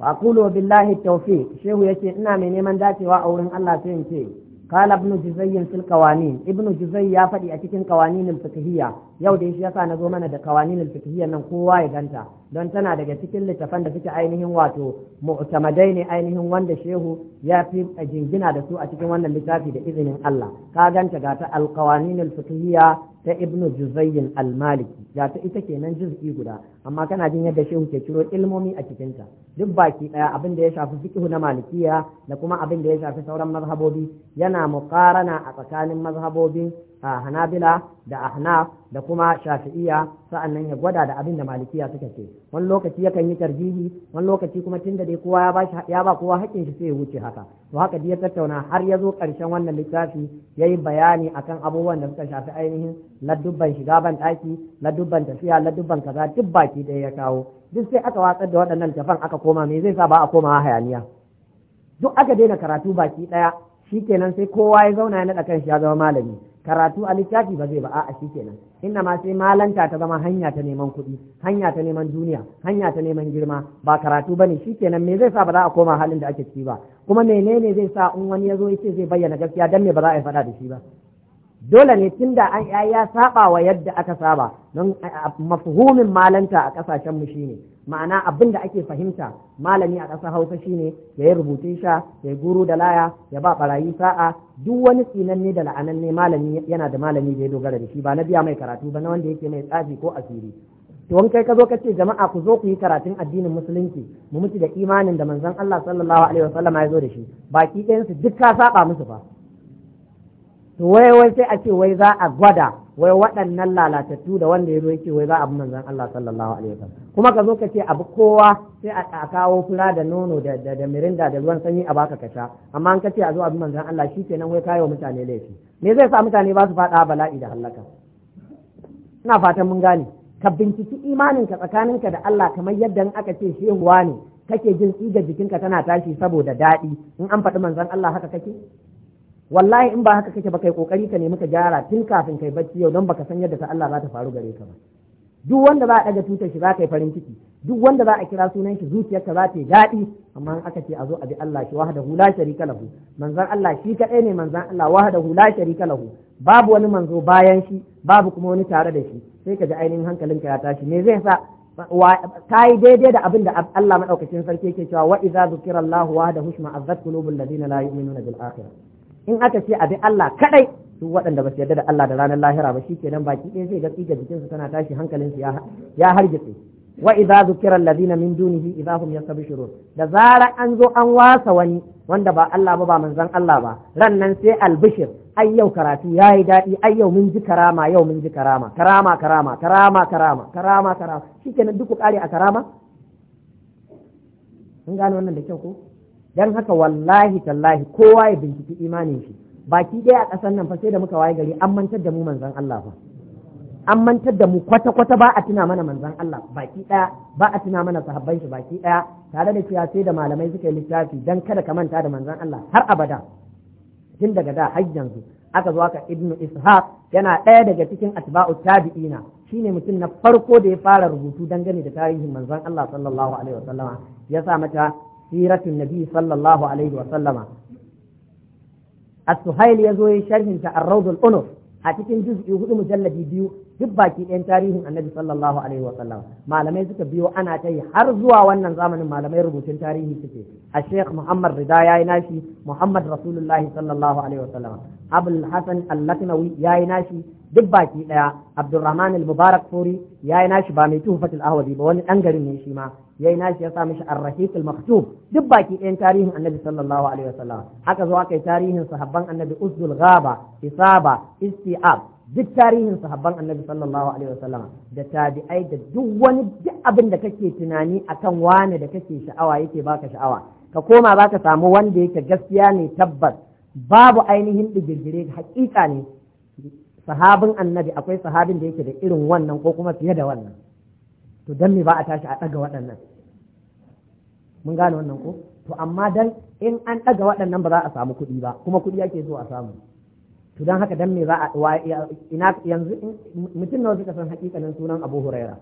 wa aqulu billahi tawfiq shehu yace ina mai neman dacewa a wurin Allah sai in ce Kala ibnu juzayy fil qawanin ibnu juzayy ya faɗi a cikin qawaninul fiqhiyya yau da shi yasa nazo mana da qawaninul fiqhiyya nan kowa ya ganta don tana daga cikin littafan da suke ainihin wato mu'tamadai ne ainihin wanda shehu ya fi jingina da su a cikin wannan littafi da izinin Allah ka ganta ga ta alqawaninul fiqhiyya ta ibnu juzayyin al-maliki ga ta ita kenan juz'i guda amma kana jin yadda shehu ke ciro ilmomi a cikin ta duk baki daya abin da ya shafi fiqh na malikiya da kuma abin da ya shafi sauran mazhabobi yana muqarana a tsakanin mazhabobin a hanabila da ahnaf da kuma shafi'iya sa'annan ya gwada da abin da malikiya suka ce wani lokaci yakan yi tarjihi wani lokaci kuma tunda dai kowa ya ba ya ba kowa haƙƙin shi sai ya wuce haka to haka dai ya tattauna har ya zo ƙarshen wannan littafi ya yi bayani akan abubuwan da suka shafi ainihin ladubban shiga ban ɗaki ladubban tafiya ladubban kaza duk baki ɗaya ya kawo duk sai aka watsar da waɗannan tafan aka koma me zai sa ba a koma hayaniya duk aka daina karatu baki ɗaya shi kenan sai kowa ya zauna ya naɗa kan shi ya zama malami karatu a littafi ba zai ba a'a kenan, inna ma sai malanta ta zama hanya ta neman kuɗi hanya ta neman duniya hanya ta neman girma ba karatu bane kenan me zai sa ba za a koma halin da ake ciki ba kuma menene zai sa in wani ya zo ya ce zai bayyana gaskiya dan me ba za a faɗa da shi ba dole ne tunda an ya saba wa yadda aka saba don mafhumin malanta a kasashen mu shine ma'ana abin da ake fahimta malami a ƙasar Hausa shine ya yi rubutun sha ya yi guru da laya ya ba barayi sa'a duk wani ne da la'ananne malami yana da malami da ya dogara da shi ba na biya mai karatu ba na wanda yake mai tsafi ko asiri to kai ka zo ka ce jama'a ku zo ku yi karatun addinin musulunci mu mutu da imanin da manzon Allah sallallahu alaihi wasallam ya zo da shi baki ɗayan su duk ka saba musu fa wai wai sai a ce wai za a gwada wai waɗannan lalatattu da wanda ya zo yake wai za a bi zan Allah sallallahu alaihi wasallam kuma ka zo ka ce abu kowa sai a kawo fura da nono da da mirinda da ruwan sanyi a baka kasha amma an ka ce a zo a bi manzon Allah shikenan wai kayo mutane laifi me zai sa mutane ba su faɗa bala'i da halaka ina fatan mun gane ka binciki imanin imaninka tsakaninka da Allah kamar yadda aka ce shehuwa ne kake jin tsigar jikinka tana tashi saboda daɗi in an faɗi manzon Allah haka kake wallahi in ba haka kake ba kai kokari ka nemi ka gyara tun kafin kai bacci yau don baka san yadda ta Allah za ta faru gare ka ba duk wanda za a daga tutar shi za ka yi farin ciki duk wanda za a kira sunan shi zuciyarka za ta yi daɗi amma aka ce a zo a bi Allah shi wahada la sharika lahu manzon Allah shi kadai ne manzon Allah wahada hula sharika lahu babu wani manzo bayan shi babu kuma wani tare da shi sai ka ji ainihin hankalinka ya tashi me zai sa ta yi daidai da abin da Allah maɗaukacin sarki yake cewa wa idza zukira Allah wahdahu shma azzat qulubul ladina la yu'minuna bil akhirah in aka ce abin Allah kadai su waɗanda ba su yarda da Allah da ranar lahira ba shikenan baki ɗaya zai ga tsiga su tana tashi hankalin su ya hargitse wa idza zukira alladhina min dunihi idza hum yastabshirun da zara an zo an wasa wani wanda ba Allah ba ba manzon Allah ba ran nan sai albishir ai yau karatu yayi dadi ai yau mun ji karama yau mun ji karama karama karama karama karama karama karama shikenan duk ku kare a karama kun gane wannan da kyau ko dan haka wallahi tallahi kowa ya binciki imanin shi baki ɗaya a ƙasar nan fa sai da muka waye gari an mantar da mu manzon Allah fa an mantar da mu kwata-kwata ba a tuna mana manzon Allah baki ɗaya ba a tuna mana sahabban shi baki ɗaya tare da cewa sai da malamai suka yi littafi dan kada ka manta da manzan Allah har abada tun daga da har yanzu aka zo aka ibnu ishaq yana ɗaya daga cikin atba'u tabi'ina shine mutum na farko da ya fara rubutu dangane da tarihin manzon Allah sallallahu alaihi wasallama ya sa mata siratin nabi sallallahu alaihi wa sallama as yazo ya sharhin ta ar-rawdul unuf a cikin juz'i hudu mujalladi biyu duk baki ɗayan tarihin annabi sallallahu alaihi wa sallam malamai suka biyo ana ta yi har zuwa wannan zamanin malamai rubutun tarihin suke a sheikh muhammad rida ya yi nashi muhammad rasulullahi sallallahu alaihi wa sallam abul hasan ya yi nashi duk baki daya Abdulrahman al-Mubarak Furi yayi nashi ba mai tuhfatul ahwazi ba wani dan garin ne shi ma yayi nashi ya sa mishi ar-rahiq al-maktub duk baki ɗayan tarihin Annabi sallallahu alaihi wasallam haka zo kai tarihin sahabban Annabi Uzdul Ghaba Isaba Istiab duk tarihin sahabban annabi sallallahu alaihi wasallam da tabi'ai da duk wani duk abin da kake tunani akan wani da kake sha'awa yake baka sha'awa ka koma baka samu wanda yake gaskiya ne tabbas babu ainihin digirgire hakika ne sahabin annabi akwai sahabin da yake da irin wannan ko kuma fiye da wannan to dan me ba a tashi a ɗaga waɗannan mun gane wannan ko to amma dan in an ɗaga waɗannan ba za a samu kuɗi ba kuma kuɗi ake zuwa a samu to dan haka dan me za a ina yanzu mutum nawa suka san hakikanin sunan Abu Huraira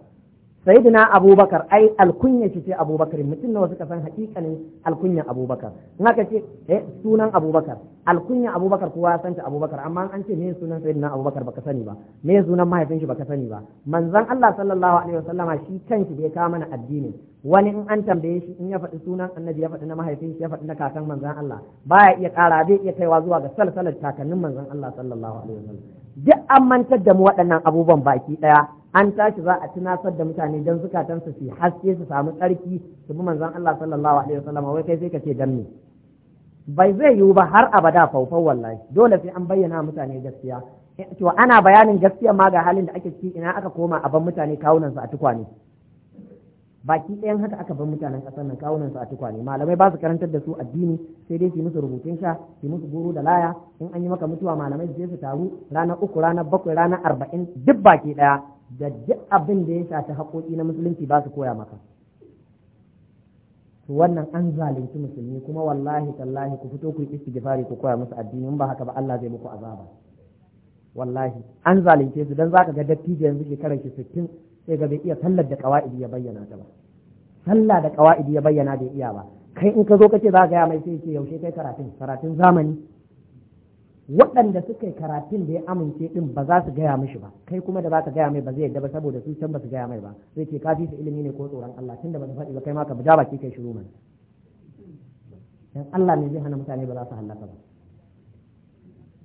na abubakar ai alkunya shi ce abubakar mutum nawa wasu kasan hakikanin alkunyan abubakar in aka ce eh, sunan abubakar alkunyan abubakar kowa ya san ta abubakar amma an ce me sunan na abubakar baka sani ba me sunan mahaifin shi baka sani ba manzon Allah sallallahu alaihi wasallama shi kanshi bai ya mana addini wani in an tambaye shi in ya faɗi sunan annabi ya faɗi na mahaifin shi ya faɗi na kakan manzon Allah baya iya ƙara zai iya kaiwa zuwa ga salsalar kakannin manzon Allah sallallahu alaihi wasallam duk an mantar da mu waɗannan abubuwan baki ɗaya an tashi za a tunasar da mutane don zukatansu su haske su samu tsarki su bi manzon Allah sallallahu alaihi wasallam wai kai sai ka ce dan bai zai yiwu ba har abada faufau wallahi dole sai an bayyana mutane gaskiya eh, to ana bayanin gaskiya ma ga halin da ake ciki ina aka koma a ban mutane kawunan su a tukwane baki ɗayan haka aka ban mutanen ƙasar nan kawunan su a tukwane malamai ba su karantar da su addini sai dai su musu rubutun sha su musu goro da laya in an yi maka mutuwa malamai su je su taru ranar uku ranar bakwai ranar arba'in duk baki ɗaya da duk abin da ya shafi haƙoƙi na musulunci ba su koya maka to wannan an zalunci musulmi kuma wallahi tallahi ku fito ku yi istighfari ku koya musu addini ba haka ba Allah zai muku azaba wallahi an zalunce su dan zaka ga dattijo yanzu shekarar shi 60 sai ga bai iya sallar da qawaidi ya bayyana ta ba sallah da qawaidi ya bayyana bai iya ba kai in ka zo kace za ka ga mai sai ce yaushe kai karatun karatun zamani waɗanda suka yi karatun da ya amince din ba za su gaya mishi ba kai kuma da ka gaya mai ba zai yadda ba saboda su can ba su gaya mai ba zai ce ka ilimi ne ko tsoron Allah tunda ba su faɗi ba kai ma ka ja baki kai shiru mana dan Allah ne zai hana mutane ba za su halaka ba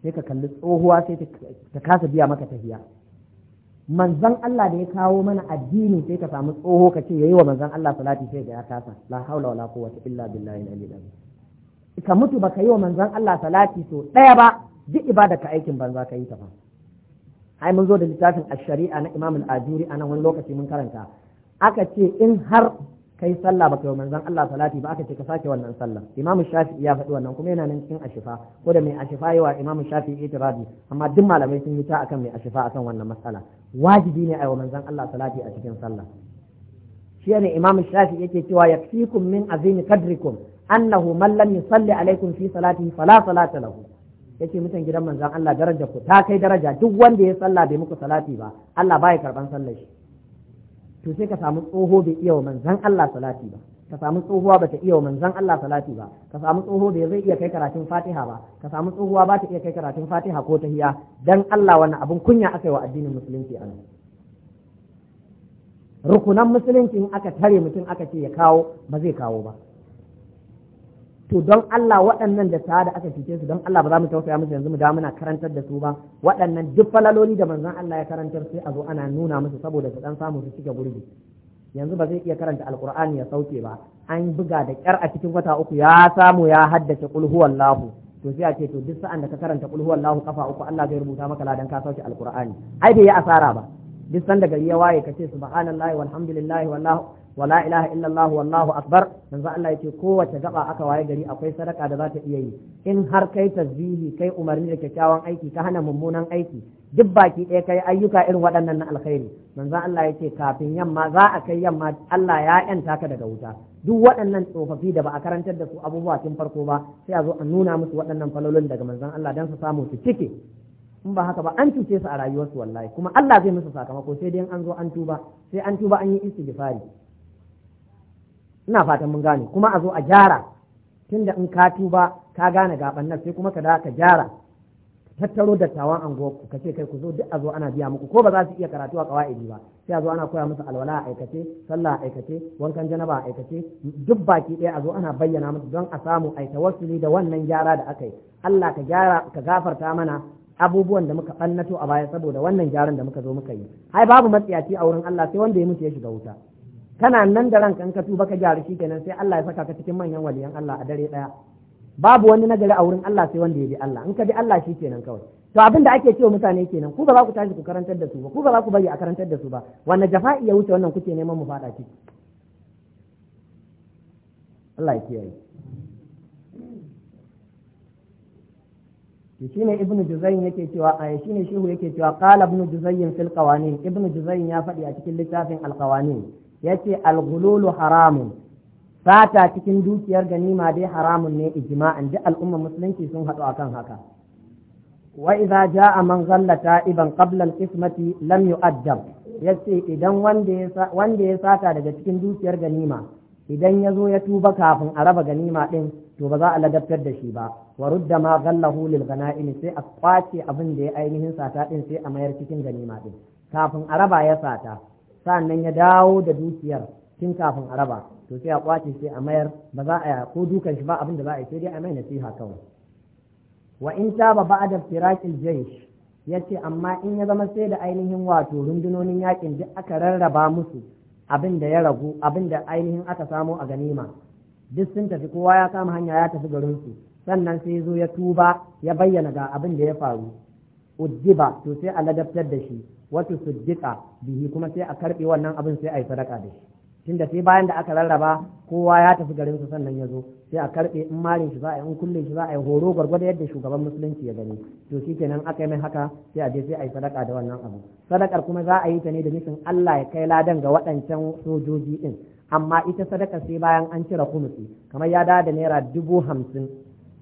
sai ka kalli tsohuwa sai ta kasa biya maka tafiya manzan Allah da ya kawo mana addini sai ka samu tsoho ka ce yayi wa manzan Allah salati sai ga ya kasa la haula wala quwwata illa billahi al-aliyyil azim ka mutu baka yi wa manzan Allah salati to daya ba duk ibada ka aikin banza ka yi ta ba ai mun zo da littafin ash-shari'a na Imam al-Ajuri anan wani lokaci mun karanta aka ce in har kai sallah baka yi manzon Allah salati ba aka ce ka sake wannan sallah Imam Shafi'i ya faɗi wannan kuma yana nan cikin ashifa ko da mai ashifa yawa Imam Shafi'i itirazi amma duk malamai sun yi ta akan mai ashifa akan wannan matsala wajibi ne a yi wa manzon Allah salati a cikin sallah shi ne Imam Shafi'i yake cewa yakfikum min azimi kadrikum annahu man lam yusalli alaikum fi salati, fala salata lahu ce mutan gidan manzon Allah daraja ku ta kai daraja duk wanda ya sallah bai muku salati ba Allah baya karban sallar shi to sai ka samu tsoho bai iya wa manzon Allah salati ba ka samu tsohuwa ba ta iya wa manzon Allah salati ba ka samu tsoho bai zai iya kai karatun Fatiha ba ka samu tsohuwa ba ta iya kai karatun Fatiha ko tahiya dan Allah wannan abun kunya aka yi wa addinin musulunci a rukunan musulunci in aka tare mutum aka ce ya kawo ba zai kawo ba to don Allah waɗannan da da aka cece su don Allah ba za mu tausaya musu yanzu mu da muna karantar da su ba waɗannan duk falaloli da manzon Allah ya karantar sai a zo ana nuna musu saboda su dan samu su cike gurbi yanzu ba zai iya karanta alkur'ani ya sauke ba an buga da kyar a cikin wata uku ya samu ya haddace kul huwallahu to sai a ce to duk sa'an da ka karanta kul huwallahu kafa uku Allah zai rubuta maka ladan ka sauke alkur'ani ai bai yi asara ba duk sanda gari ya waye ka ce subhanallahi walhamdulillahi wallahu wala ilaha illallah wallahu akbar manzo Allah yake kowace gaba aka waye gari akwai sadaka da zata iya yi in har kai tasbihi kai umarni da kyakkyawan aiki ka hana mummunan aiki duk baki ɗaya ka yi ayyuka irin waɗannan na alkhairi manzo Allah ya ce kafin yamma za a kai yamma Allah ya yanta ka daga wuta duk waɗannan tsofaffi da ba a karantar da su abubuwa tun farko ba sai a zo a nuna musu waɗannan falolin daga manzon Allah dan su samu su cike in ba haka ba an cuce su a rayuwarsu wallahi kuma Allah zai musu sakamako sai dai an zo an tuba sai an tuba an yi istighfari ina fatan mun gane kuma a zo a gyara tunda in ka tuba ka gane gaban nan sai kuma ka da ka gyara tattaro dattawan anguwarku ka ce kai ku zo duk a zo ana biya muku ko ba za su iya karatu a kawai ba sai a zo ana koya musu alwala a aikace sallah a aikace wankan janaba a aikace duk baki ɗaya a zo ana bayyana musu don a samu a tawassuli da wannan gyara da aka yi Allah ka gyara ka gafarta mana abubuwan da muka ɓannato a baya saboda wannan gyaran da muka zo muka yi ai babu matsiyaci a wurin Allah sai wanda ya mutu ya shiga wuta kana nan da ranka in ka tuba ka gyara shi kenan sai Allah ya saka ka cikin manyan waliyan Allah a dare daya babu wani nagari a wurin Allah sai wanda ya bi Allah in ka bi Allah shi kenan kawai to abin da ake cewa mutane kenan ku ba za ku tashi ku karantar da su ba ku ba za ku bari a karantar da su ba wannan jafa'i ya wuce wannan kuke neman mu fada ciki Allah ya kiyaye shi ne ibn juzayn yake cewa a shi ne shehu yake cewa qala ibn juzayn fil qawanin ibn juzayn ya faɗi a cikin littafin al qawanin yace al-ghululu haramun sata cikin dukiyar ganima dai haramun ne ijma'an duk al'ummar musulunci sun haɗu akan haka wa idza jaa man ghallata iban qabla al-qismati lam yu'addab yace idan wanda ya sata daga cikin dukiyar ganima idan ya zo ya tuba kafin a raba ganima din to ba za a ladabtar da shi ba wa rudda ma ghallahu lil ghana'im sai a kwace abin da ya ainihin sata din sai a mayar cikin ganima din kafin a raba ya sata sa'annan ya dawo da dukiyar tun kafin a raba to sai a kwace sai a mayar ba za a ko dukan shi ba abin da za a yi sai dai a mai nasiha kawai wa in taba ba'da firaqil jaysh yace amma in ya zama sai da ainihin wato rundunonin yakin duk aka rarraba musu abin da ya ragu abin da ainihin aka samo a ganima duk sun tafi kowa ya kama hanya ya tafi garin su sannan sai zo ya tuba ya bayyana ga abin da ya faru uddiba to sai a ladabtar da shi wata sujjika bihi kuma sai a karɓe wannan abin sai a yi sadaka da shi tunda sai bayan da aka rarraba kowa ya tafi garin su sannan ya zo sai a karɓe in marin shi za a yi in kulle shi za a yi horo gwargwado yadda shugaban musulunci ya gani to shi kenan aka yi mai haka sai a je sai a yi sadaka da wannan abu sadakar kuma za a yi ta ne da nufin Allah ya kai ladan ga waɗancan sojoji din amma ita sadaka sai bayan an cire kumusi kamar ya da naira dubu hamsin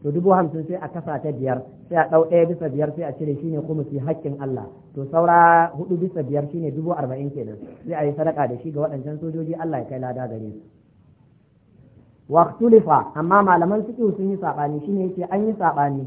to dubu hamsin sai a kasa ta biyar sai a ɗau ɗaya bisa biyar sai a cire shine kumusi haƙƙin Allah to saura hudu bisa biyar shine dubu arba'in kenan sai a yi sadaka da shi ga waɗancan sojoji Allah ya kai lada gare su waqtulifa amma malaman suke sun yi saɓani shine yake an yi saɓani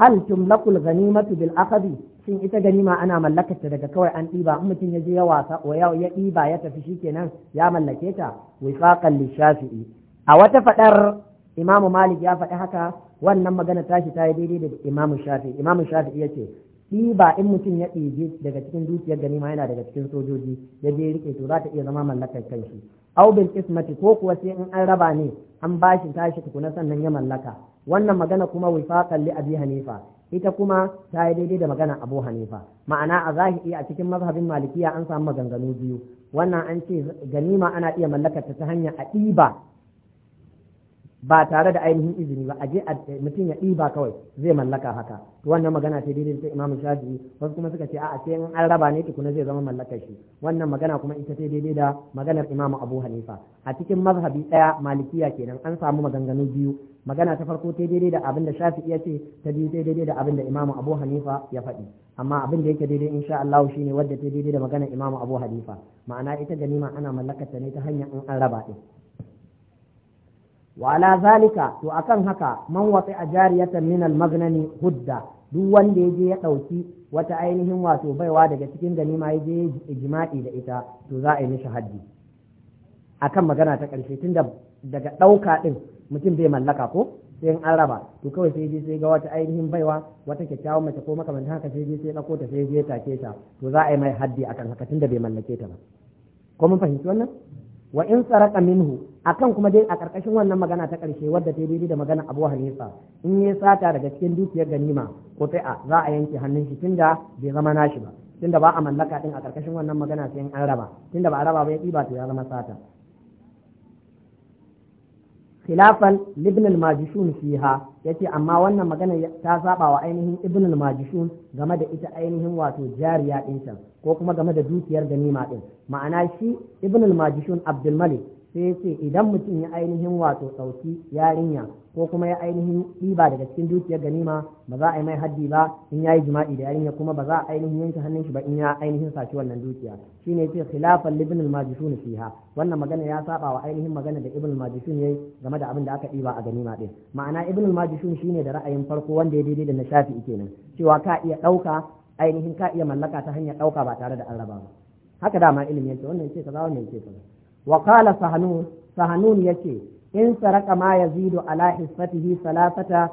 hal tumlakul ghanimatu bil akhdi shin ita ganima ana mallakar ta daga kawai an ɗiba in mutum ya je ya wasa ya ɗiba ya tafi shikenan ya mallake ta wifaqan lishafi'i a wata faɗar imamu malik ya faɗi haka wannan magana tashi ta yi daidai da imamu shafi imamu shafi ya ce shi ba in mutum ya ɗeje daga cikin dukiyar ganima yana daga cikin sojoji ya je rike to za ta iya zama mallakar kanshi au bil ismati ko kuwa sai in an raba ne an bashi tashi tukuna sannan ya mallaka wannan magana kuma wifaqan li abi hanifa ita kuma ta yi daidai da magana abu hanifa ma'ana a zahiri a cikin mazhabin malikiya an samu maganganu biyu wannan an ce ganima ana iya mallakar ta hanyar a ɗiba ba tare da ainihin izini ba a je mutum ya ɗiba kawai zai mallaka haka wannan magana ce daidai ta Imam Shafi'i wasu kuma suka ce a'a ce in an raba ne tukuna zai zama mallakar shi wannan magana kuma ita ce daidai da maganar Imam Abu Hanifa a cikin mazhabi ɗaya malikiya kenan an samu maganganu biyu magana ta farko ta daidai da abin da Shafi'i ya ce ta biyu ta daidai da abin da Imam Abu Hanifa ya faɗi amma abin da yake daidai insha Allah shine wadda ta daidai da maganar Imam Abu Hanifa ma'ana ita ganima ana mallakar ta ne ta hanyar in an raba ɗin Wala zalika to akan haka man wasi a jariyatan min al hudda duk wanda ya je ya ɗauki wata ainihin wato baiwa daga cikin ganima ya je ijma'i da ita to za a yi mishi haddi akan magana ta ƙarshe tunda daga ɗauka ɗin mutum bai mallaka ko sai in an raba to kawai sai je sai ga wata ainihin baiwa wata kyakkyawar mace ko makamantan haka sai je sai ɗauko ta sai je take ta to za a yi mai haddi akan haka tunda bai mallake ta ba ko mun fahimci wannan wa in saraka minhu akan kuma dai a karkashin wannan magana ta karshe wadda ta daidai da magana Abu Hanifa in ya sata daga cikin dukiyar ganima ko fi'a za a yanke hannun shi tunda bai zama nashi ba tunda ba a mallaka din a karkashin wannan magana sai an raba tunda ba a raba ba ya ɗiba to ya zama sata khilafan ibn al-majishun fiha yace amma wannan magana ta saba wa ainihin ibn al-majishun game da ita ainihin wato jariya din ko kuma game da dukiyar ganima din ma'ana shi ibn al-majishun abdul malik sai ce idan mutum ya ainihin wato ɗauki yarinya ko kuma ya ainihin ɗiba daga cikin dukiyar ganima ba za a yi mai haddi ba in ya yi jima'i da yarinya kuma ba za a ainihin yanke hannun shi ba in ya ainihin saci wannan dukiya shine ce khilafan libin al-majishun fiha wannan magana ya saba wa ainihin magana da ibn al-majishun yayi game da abin da aka ɗiba a ganima din ma'ana ibn al shi shine da ra'ayin farko wanda ya daidai da na shafi kenan cewa ka iya ɗauka ainihin ka iya mallaka ta hanyar ɗauka ba tare da an raba ba haka dama ilimin yake wannan ce kaza wannan ce kaza wa qala sahanun in saraka ma yazidu ala hissatihi salasata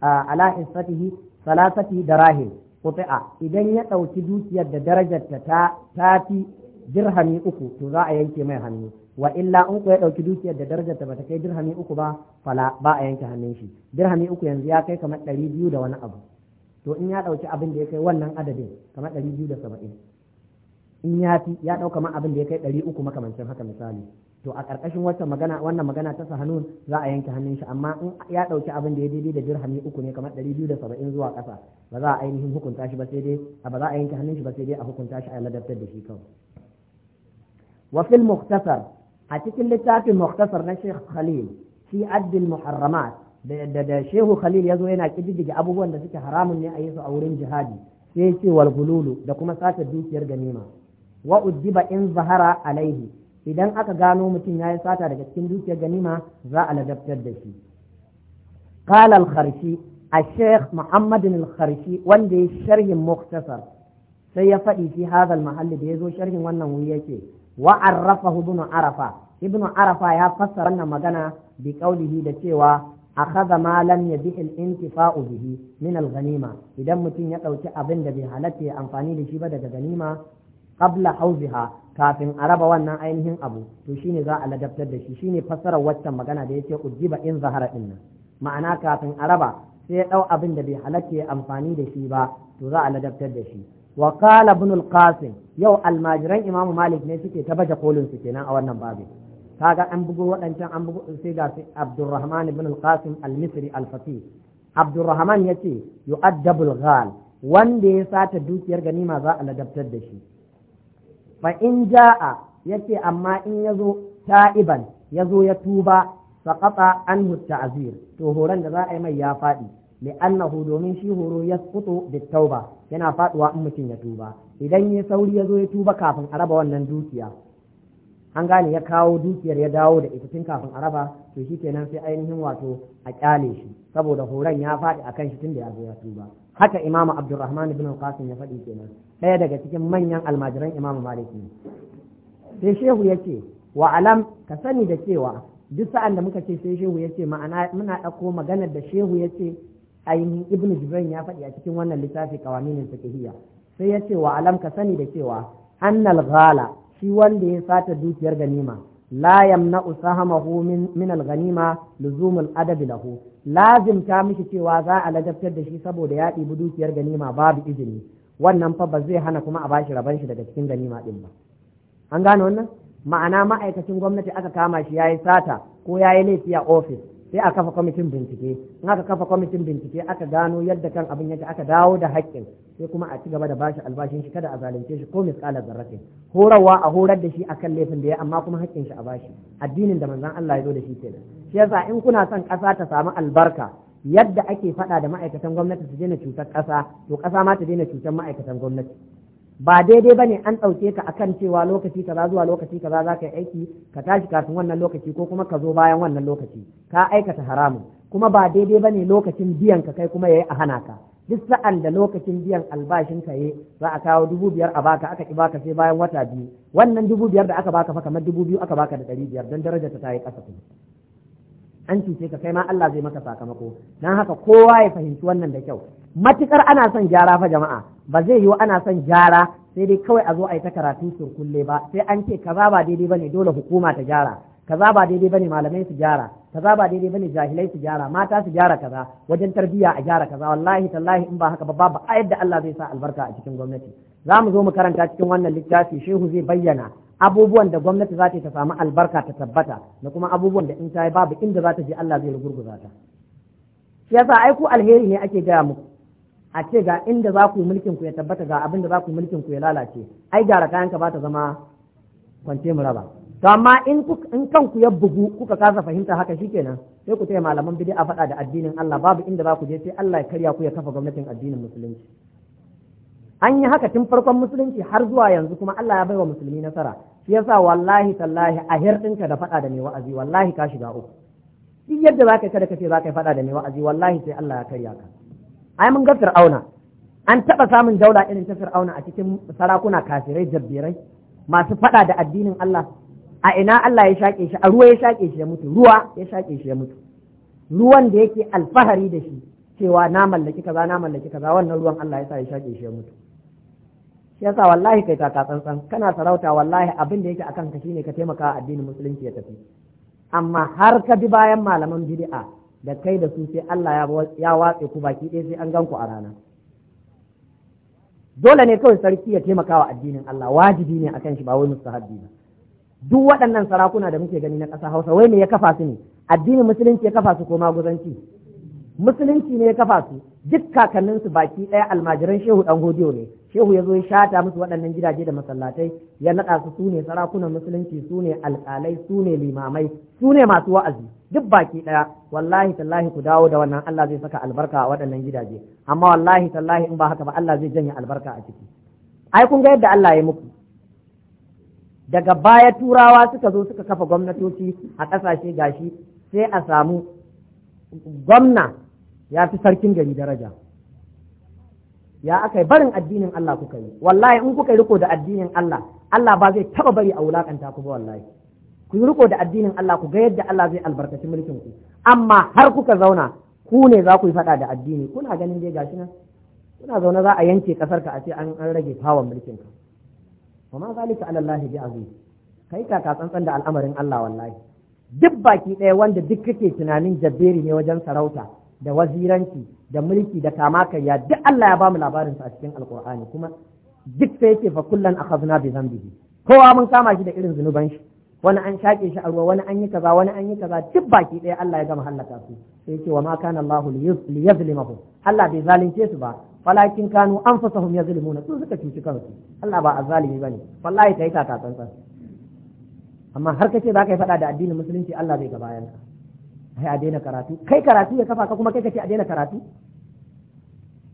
ala hissatihi salasati darahim quti'a idan ya ɗauki dukiyar da darajarta ta tafi dirhami uku to za a yanke mai hannu wa illa in ku ya dauki dukiyar da darajarta bata kai dirhami uku ba a yanke hannun shi dirhami uku yanzu ya kai kamar ɗari biyu da wani abu to in ya ɗauki abin da ya kai wannan adadin kamar ɗari biyu da saba'in in ya fi ya ɗauka ma abin da ya kai ɗari uku makamancin haka misali to a ƙarƙashin wannan magana wannan magana ta sahanun za a yanke hannun shi amma in ya ɗauki abin da ya daidai da dirhami uku ne kamar ɗari biyu da saba'in zuwa ƙasa ba za a ainihin hukunta shi ba sai dai ba za a yanke hannun shi ba sai dai a hukunta shi a ladabtar da shi kawai wa fil muhtasar a cikin littafin muhtasar na Sheikh Khalil fi addil muharramat da da Shehu Khalil yazo yana kididdige abubuwan da suke haramun ne a yi su a wurin jihadi sai ce wal gululu da kuma sace dukiyar ganima wa in zahra alaihi idan aka gano mutum ya yi sata daga cikin dukiyar ganima za a ladabtar da shi qala al kharshi a sheikh muhammad al wanda ya sharhin muktasar sai ya faɗi fi hadha muhalli mahalli ya zo sharhin wannan wuri yake wa arrafahu arafa ibn arafa ya fassara wannan magana bi qawlihi da cewa akhadha malam lam yabih al intifa'u bihi min al ganima idan mutum ya dauki abin da bai halatta amfani da shi ba daga ganima qabla hauziha kafin a raba wannan ainihin abu to shine za a ladabtar da shi shine fassarar waccan magana da yace ujiba in zahara inna. ma'ana kafin a raba sai ya dau abin da bai halatta ya amfani da shi ba to za a ladabtar da shi wa qala ibn al-qasim yau almajiran imamu malik ne suke ta baje kolin su kenan a wannan babu kaga an bugo waɗancan an bugo sai ga abdurrahman ibn al-qasim al-misri al-fatih abdurrahman yace yu'addabul ghal wanda ya sata dukiyar ganima za a ladabtar da shi fa in ja'a yace amma in ya zo ta'iban ya zo ya tuba faqata anhu ta'zir to horon da za a yi mai ya faɗi fadi annahu domin shi horo ya fito da tauba yana faɗuwa in mutum ya tuba idan ya sauri ya zo ya tuba kafin a raba wannan dukiya an gane ya kawo dukiyar ya dawo da ita tun kafin a raba to shi kenan sai ainihin wato a kyale shi saboda horon ya faɗi akan shi tun da ya zo ya tuba haka imamu abdurrahman ibn qasim ya faɗi kenan ɗaya daga cikin manyan almajiran imam Maliki ne sai shehu ya ce wa alam ka sani da cewa duk sa'an da muka ce sai shehu ya ce ma'ana muna ɗauko maganar da shehu ya ce ainihin ibnu jibran ya faɗi a cikin wannan littafi kawaminin fiqhiyya sai ya ce wa alam ka sani da cewa annal ghala shi wanda ya sata dukiyar ganima la yamna usahamahu min min al-ghanima luzumul adabi lahu lazim ta mishi cewa za a ladabtar da shi saboda ya ɗibi dukiyar ganima babu izini wannan fa ba zai hana kuma a bashi raban shi daga cikin ganima din ba an gane wannan ma'ana ma'aikacin gwamnati aka kama shi yayi sata ko yayi laifi a ofis sai a kafa kwamitin bincike in aka kafa kwamitin bincike aka gano yadda kan abin yake aka dawo da haƙƙin sai kuma a ci gaba da bashi albashin shi kada a zalunce shi ko misƙalar zarratin horarwa a horar da shi akan laifin da ya amma kuma haƙƙin shi a bashi addinin da manzon Allah ya zo da shi kenan shi yasa in kuna son ƙasa ta samu albarka yadda ake faɗa da ma'aikatan gwamnati su daina cutar ƙasa to ƙasa ma ta daina cutar ma'aikatan gwamnati ba daidai bane an ɗauke ka a kan cewa lokaci kaza zuwa lokaci kaza za ka yi aiki ka tashi kafin wannan lokaci ko kuma ka zo bayan wannan lokaci ka aikata haramun kuma ba daidai ba ne lokacin biyan ka kai kuma yayi a hana ka duk sa'an da lokacin biyan albashin ka yi za a kawo dubu biyar a baka aka ki baka sai bayan wata biyu wannan dubu biyar da aka baka fa kamar dubu biyu aka baka da ɗari biyar don darajar ta yi ƙasa kuma an cuce ka kai ma Allah zai maka sakamako dan haka kowa ya fahimci wannan da kyau matukar ana son gyara fa jama'a ba zai yiwu ana son gyara sai dai kawai a zo a yi ta karatu sur kulle ba sai an ce kaza ba daidai bane dole hukuma ta gyara kaza ba daidai bane malamai su gyara kaza ba daidai bane jahilai su gyara mata su gyara kaza wajen tarbiyya a gyara kaza wallahi tallahi in ba haka ba babu a da Allah zai sa albarka a cikin gwamnati za mu zo mu karanta cikin wannan littafi shehu zai bayyana abubuwan da gwamnati za ta samu albarka ta tabbata da kuma abubuwan da in ta yi babu inda za ta je Allah zai rugurguza ta shi yasa ai ku alheri ne ake gaya muku a ce ga inda za ku mulkin ku ya tabbata ga abin da za ku mulkin ku ya lalace ai gyara kayan ka ba ta zama kwance mu raba to amma in in kanku ya bugu kuka kasa fahimta haka shi kenan, sai ku taya malaman a faɗa da addinin Allah babu inda za ku je sai Allah ya karya ku ya kafa gwamnatin addinin musulunci an yi haka tun farkon musulunci har zuwa yanzu kuma Allah ya baiwa musulmi nasara shi yasa wallahi tallahi a hirɗinka da faɗa da mai wa'azi wallahi ka shiga uku shi yadda za ka yi kada ka ce za ka yi faɗa da mai wa'azi wallahi sai Allah ya karya ka ai mun ga fir'auna an taɓa samun daula irin ta fir'auna a cikin sarakuna kafirai jabbirai masu faɗa da addinin Allah a ina Allah ya shaƙe shi a ruwa ya shaƙe shi ya mutu ruwa ya shaƙe shi ya mutu ruwan da yake alfahari da shi cewa na mallaki kaza na mallaki kaza wannan ruwan Allah ya sa ya shaƙe shi ya mutu yasa wallahi kai taka tsantsan kana sarauta wallahi abin da yake akan ka shine ka taimaka addinin musulunci ya tafi amma har ka bi bayan malaman bid'a da kai da su sai Allah ya watse ku baki ɗaya sai an gan ku a rana dole ne kawai sarki ya taimaka wa addinin Allah wajibi ne akan shi ba wai mustahabi ba duk waɗannan sarakuna da muke gani na ƙasa Hausa wai me ya kafa su ne addinin musulunci ya kafa su ko maguzanci musulunci ne ya kafa su duk kakanninsu baki ɗaya almajiran shehu ɗan godiyo ne shehu ya zo ya shata musu waɗannan gidaje da masallatai ya naɗa su su ne sarakunan musulunci su ne alƙalai su ne limamai su ne masu wa'azi duk baki ɗaya wallahi tallahi ku dawo da wannan Allah zai saka albarka a waɗannan gidaje amma wallahi tallahi in ba haka ba Allah zai janye albarka a ciki ai kun ga yadda Allah ya muku daga baya turawa suka zo suka kafa gwamnatoci a ƙasashe gashi sai a samu gwamna ya fi sarkin gari daraja ya aka yi barin addinin Allah kuka yi wallahi in kuka riko da addinin Allah Allah ba zai taba bari a wulakanta ku ba wallahi ku yi riko da addinin Allah ku ga yadda Allah zai albarkaci mulkin ku amma har kuka zauna ku ne za ku yi fada da addini kuna ganin dai gashi nan kuna zaune za a yanke kasar ka a ce an rage fawon mulkin ka wa ma zalika ala Allah bi aziz kai ka ka tsantsan da al'amarin Allah wallahi duk baki ɗaya wanda duk kake tunanin jabberi ne wajen sarauta da waziranci da mulki da kama karya duk Allah ya ba mu labarin sa a cikin alkur'ani kuma duk sai yake fa kullan akhadna bi dhanbihi kowa mun kama shi da irin zunuban shi wani an shaƙe shi a ruwa wani an yi kaza wani an yi kaza duk baki ɗaya Allah ya gama halaka su sai yake wa ma kana Allah li Allah bai zalunce su ba walakin kanu anfusahum yazlimuna su suka cuci kansu Allah ba azzalimi bane wallahi kai ka kasan amma har kace za ka yi faɗa da addinin musulunci Allah zai ga ka ai a daina karatu kai karatu ya kafa ka kuma kai kace a daina karatu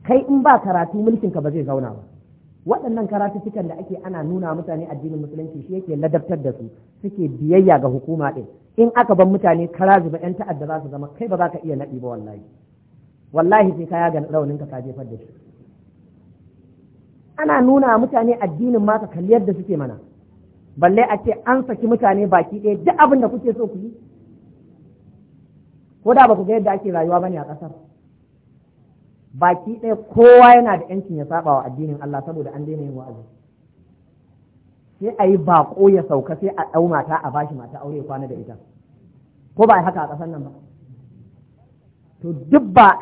kai in ba karatu mulkin ka ba zai zauna ba waɗannan karatu cikan da ake ana nuna mutane addinin musulunci shi yake ladabtar da su suke biyayya ga hukuma ɗin in aka ban mutane kara zuba yan ta'adda za su zama kai ba za ka iya naɗi ba wallahi wallahi sai ka yaga raunin ka jefar da shi ana nuna mutane addinin ma ka kalli yadda suke mana balle a ce an saki mutane baki ɗaya duk abin da kuke so ku yi ko da ba ku ga yadda ake rayuwa bane a ƙasar baki ɗaya kowa yana da yancin ya saba wa addinin Allah saboda an daina yin wa'azi sai a yi baƙo ya sauka sai a ɗau mata a bashi mata aure kwana da ita ko ba haka a ƙasar nan ba to duk ba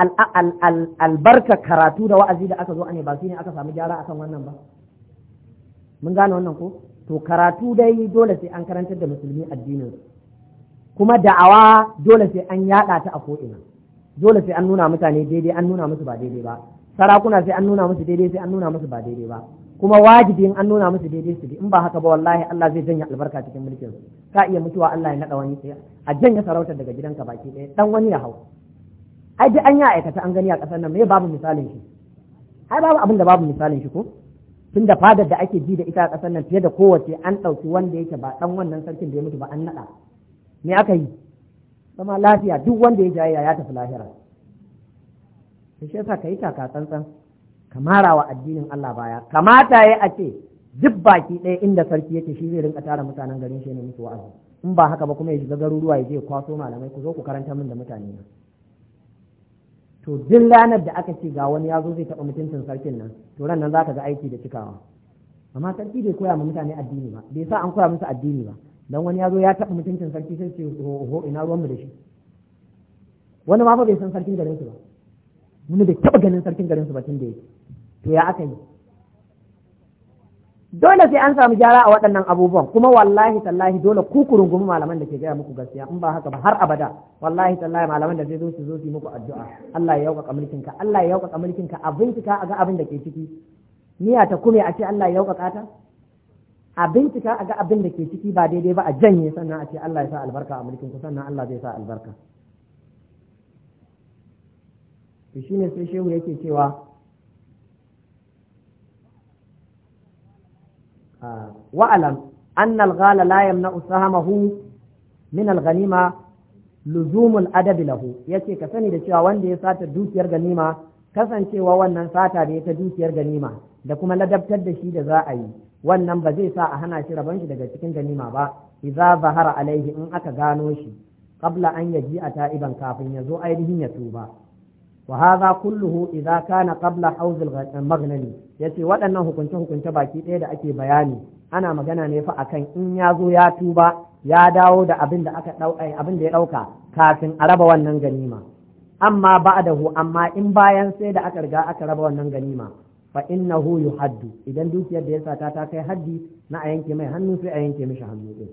albarka karatu da wa'azi da aka zo ne ba ne aka samu gyara akan wannan ba mun gane wannan ko to karatu dai dole sai an karantar da musulmi addinin kuma da'awa dole sai an yada ta a ko'ina dole sai an nuna mutane daidai an nuna musu ba daidai ba sarakuna sai an nuna musu daidai sai an nuna musu ba daidai ba kuma wajibi in an nuna musu daidai su bi in ba haka ba wallahi Allah zai janya albarka cikin mulkin su ka iya mutuwa Allah ya nada wani a janya sarautar daga gidanka baki ɗaya dan wani ya hau ai duk an yi aikata an gani a ƙasar nan me babu misalin shi ai babu abin da babu misalin shi ko tun da fadar da ake ji da ita a ƙasar nan fiye da kowace an ɗauki wanda yake ba ɗan wannan sarkin da ya mutu ba an naɗa me aka yi zama lafiya duk wanda ya jayayya ya tafi lahira sai shi yasa kai taka tsantsan ka marawa addinin Allah baya kamata ya a ce duk baki ɗaya inda sarki yake shi zai rinka tara mutanen garin shi ne musu wa'azi in ba haka ba kuma ya shiga garuruwa ya je kwaso malamai ku zo ku karanta min da mutane na to duk ranar da aka ce ga wani ya zo zai taɓa mutuncin sarkin nan to ran nan za ka ga aiki da cikawa amma sarki bai koya ma mutane addini ba bai sa an koya musu addini ba dan wani ya zo ya taɓa mutuncin sarki sai ce ho ina ruwan mu da shi wani ma fa bai san sarkin garin su ba mun bai taɓa ganin sarkin garin su ba tun da yake to ya aka yi dole sai an samu gyara a waɗannan abubuwan kuma wallahi tallahi dole ku ku rungumi malaman da ke gaya muku gaskiya in ba haka ba har abada wallahi tallahi malaman da zai zo su zo su muku addu'a Allah ya mulkin ka, Allah ya mulkin ka, a bincika a ga abin da ke ciki niyya ta kume a ce Allah ya yauka ta a bincika a ga abin da ke ciki ba daidai ba a janye sannan a ce Allah ya sa albarka a mulkin ku sannan Allah zai sa albarka to shine sai shehu yake cewa ah, wa'alam anna al-ghala la yamna'u min al-ghanima luzumul adabi lahu ce ka sani da cewa wanda ya sata dukiyar ganima kasancewa wannan sata da ya ta dukiyar ganima da kuma ladabtar da shi da za a yi wannan ba zai sa a hana shi rabon shi daga cikin ganima ba idza zahara alaihi in aka gano shi qabla an yaji a ta'iban kafin ya zo ainihin ya tuba wa hadha kulluhu idza kana qabla hawzil ya yace waɗannan hukunce hukunce baki ɗaya da ake bayani ana magana ne fa akan in ya zo ya tuba ya dawo da abin da aka dauka eh, abin da ya dauka kafin a raba wannan ganima amma ba'dahu amma in bayan sai da aka riga aka raba wannan ganima fa innahu yuhaddu idan dukiyar da ya sata ta kai haddi na a yanke mai hannu sai a yanke mishi hannu din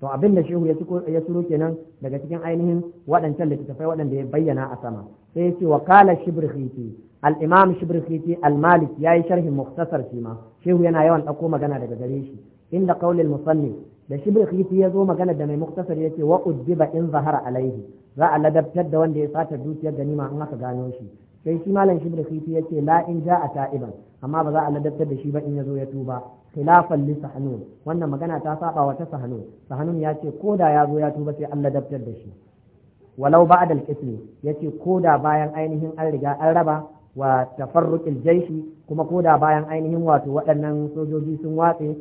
to abin da shehu ya suro kenan daga cikin ainihin waɗancan littattafai waɗanda ya bayyana a sama sai ya ce wa kala shibrkhiti al-imam shibrkhiti al-malik yayi sharhin muktasar shi ma shehu yana yawan ɗauko magana daga gare shi inda qaulil musannif da shibrkhiti ya zo magana da mai muktasar yace wa uddiba in zahara alaihi za a ladabtar da wanda ya sata dukiyar ganima in aka gano shi sai shi malam shi da kifi ce la in a ta'iban amma ba za a ladabtar da shi ba in yazo ya tuba khilafan li sahanun wannan magana ta saba wata sahanun sahanun ya ce ko da ya zo ya tuba sai an ladabtar da shi walau ba'da al-qismi yace ko da bayan ainihin an riga an raba wa tafarruqil jaishi kuma ko da bayan ainihin wato waɗannan sojoji sun watse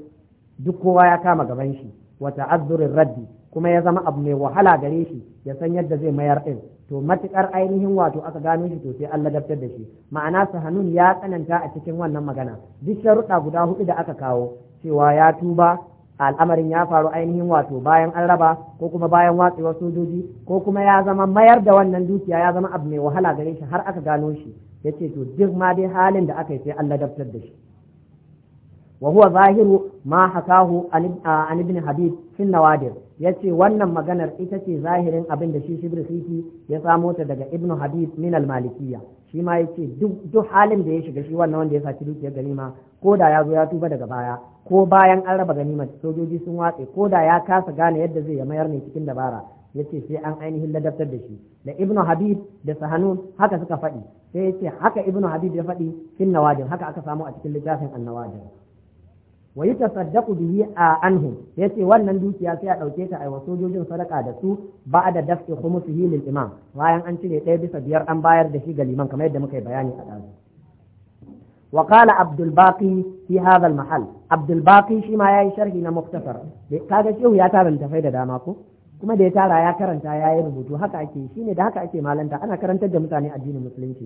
duk kowa ya kama gaban shi wa ta'azzurir raddi kuma ya zama abu mai wahala gare shi ya san yadda zai mayar din to matukar ainihin wato aka gano shi to sai an ladabtar da shi ma'ana sahanun ya tsananta a cikin wannan magana duk sharuɗa guda hudu da aka kawo cewa ya tuba al'amarin ya faru ainihin wato bayan an raba ko kuma bayan watsewar sojoji ko kuma ya zama mayar da wannan dukiya ya zama abu mai wahala gare shi har aka gano shi Ya ce to duk ma dai halin da aka yi sai Allah ladabtar da shi wa huwa zahiru ma hakahu an ibn habib fi nawadir ya ce wannan maganar ita ce zahirin abin da shi shibir siki ya samo ta daga ibnu habib min al-malikiyya shi ma ya ce duk halin da ya shiga shi wannan wanda ya saci dukiyar ganima ko da ya zo ya tuba daga baya ko bayan an raba ganimar sojoji sun watse ko da ya kasa gane yadda zai ya mayar ne cikin dabara ya ce sai an ainihin ladabtar da shi da ibnu habib da sahanun haka suka faɗi sai ya ce haka ibnu habib ya faɗi fin nawajin haka aka samu a cikin littafin annawajin. wa yi tasaddaqu bihi a anhu yace wannan dukiya sai a dauke ta aiwa sojojin sadaka da su ba da daf'i khumsihi lil imam bayan an cire ɗaya bisa biyar an bayar da shi ga liman kamar yadda muka yi bayani a ɗazu wa qala abdul baqi fi hadha al mahal abdul baqi shi ma yayi sharhi na muktasar kaga shehu ya tara littafai da dama ko kuma da ya tara ya karanta ya yi rubutu haka ake shi ne da haka ake malanta ana karantar da mutane addinin musulunci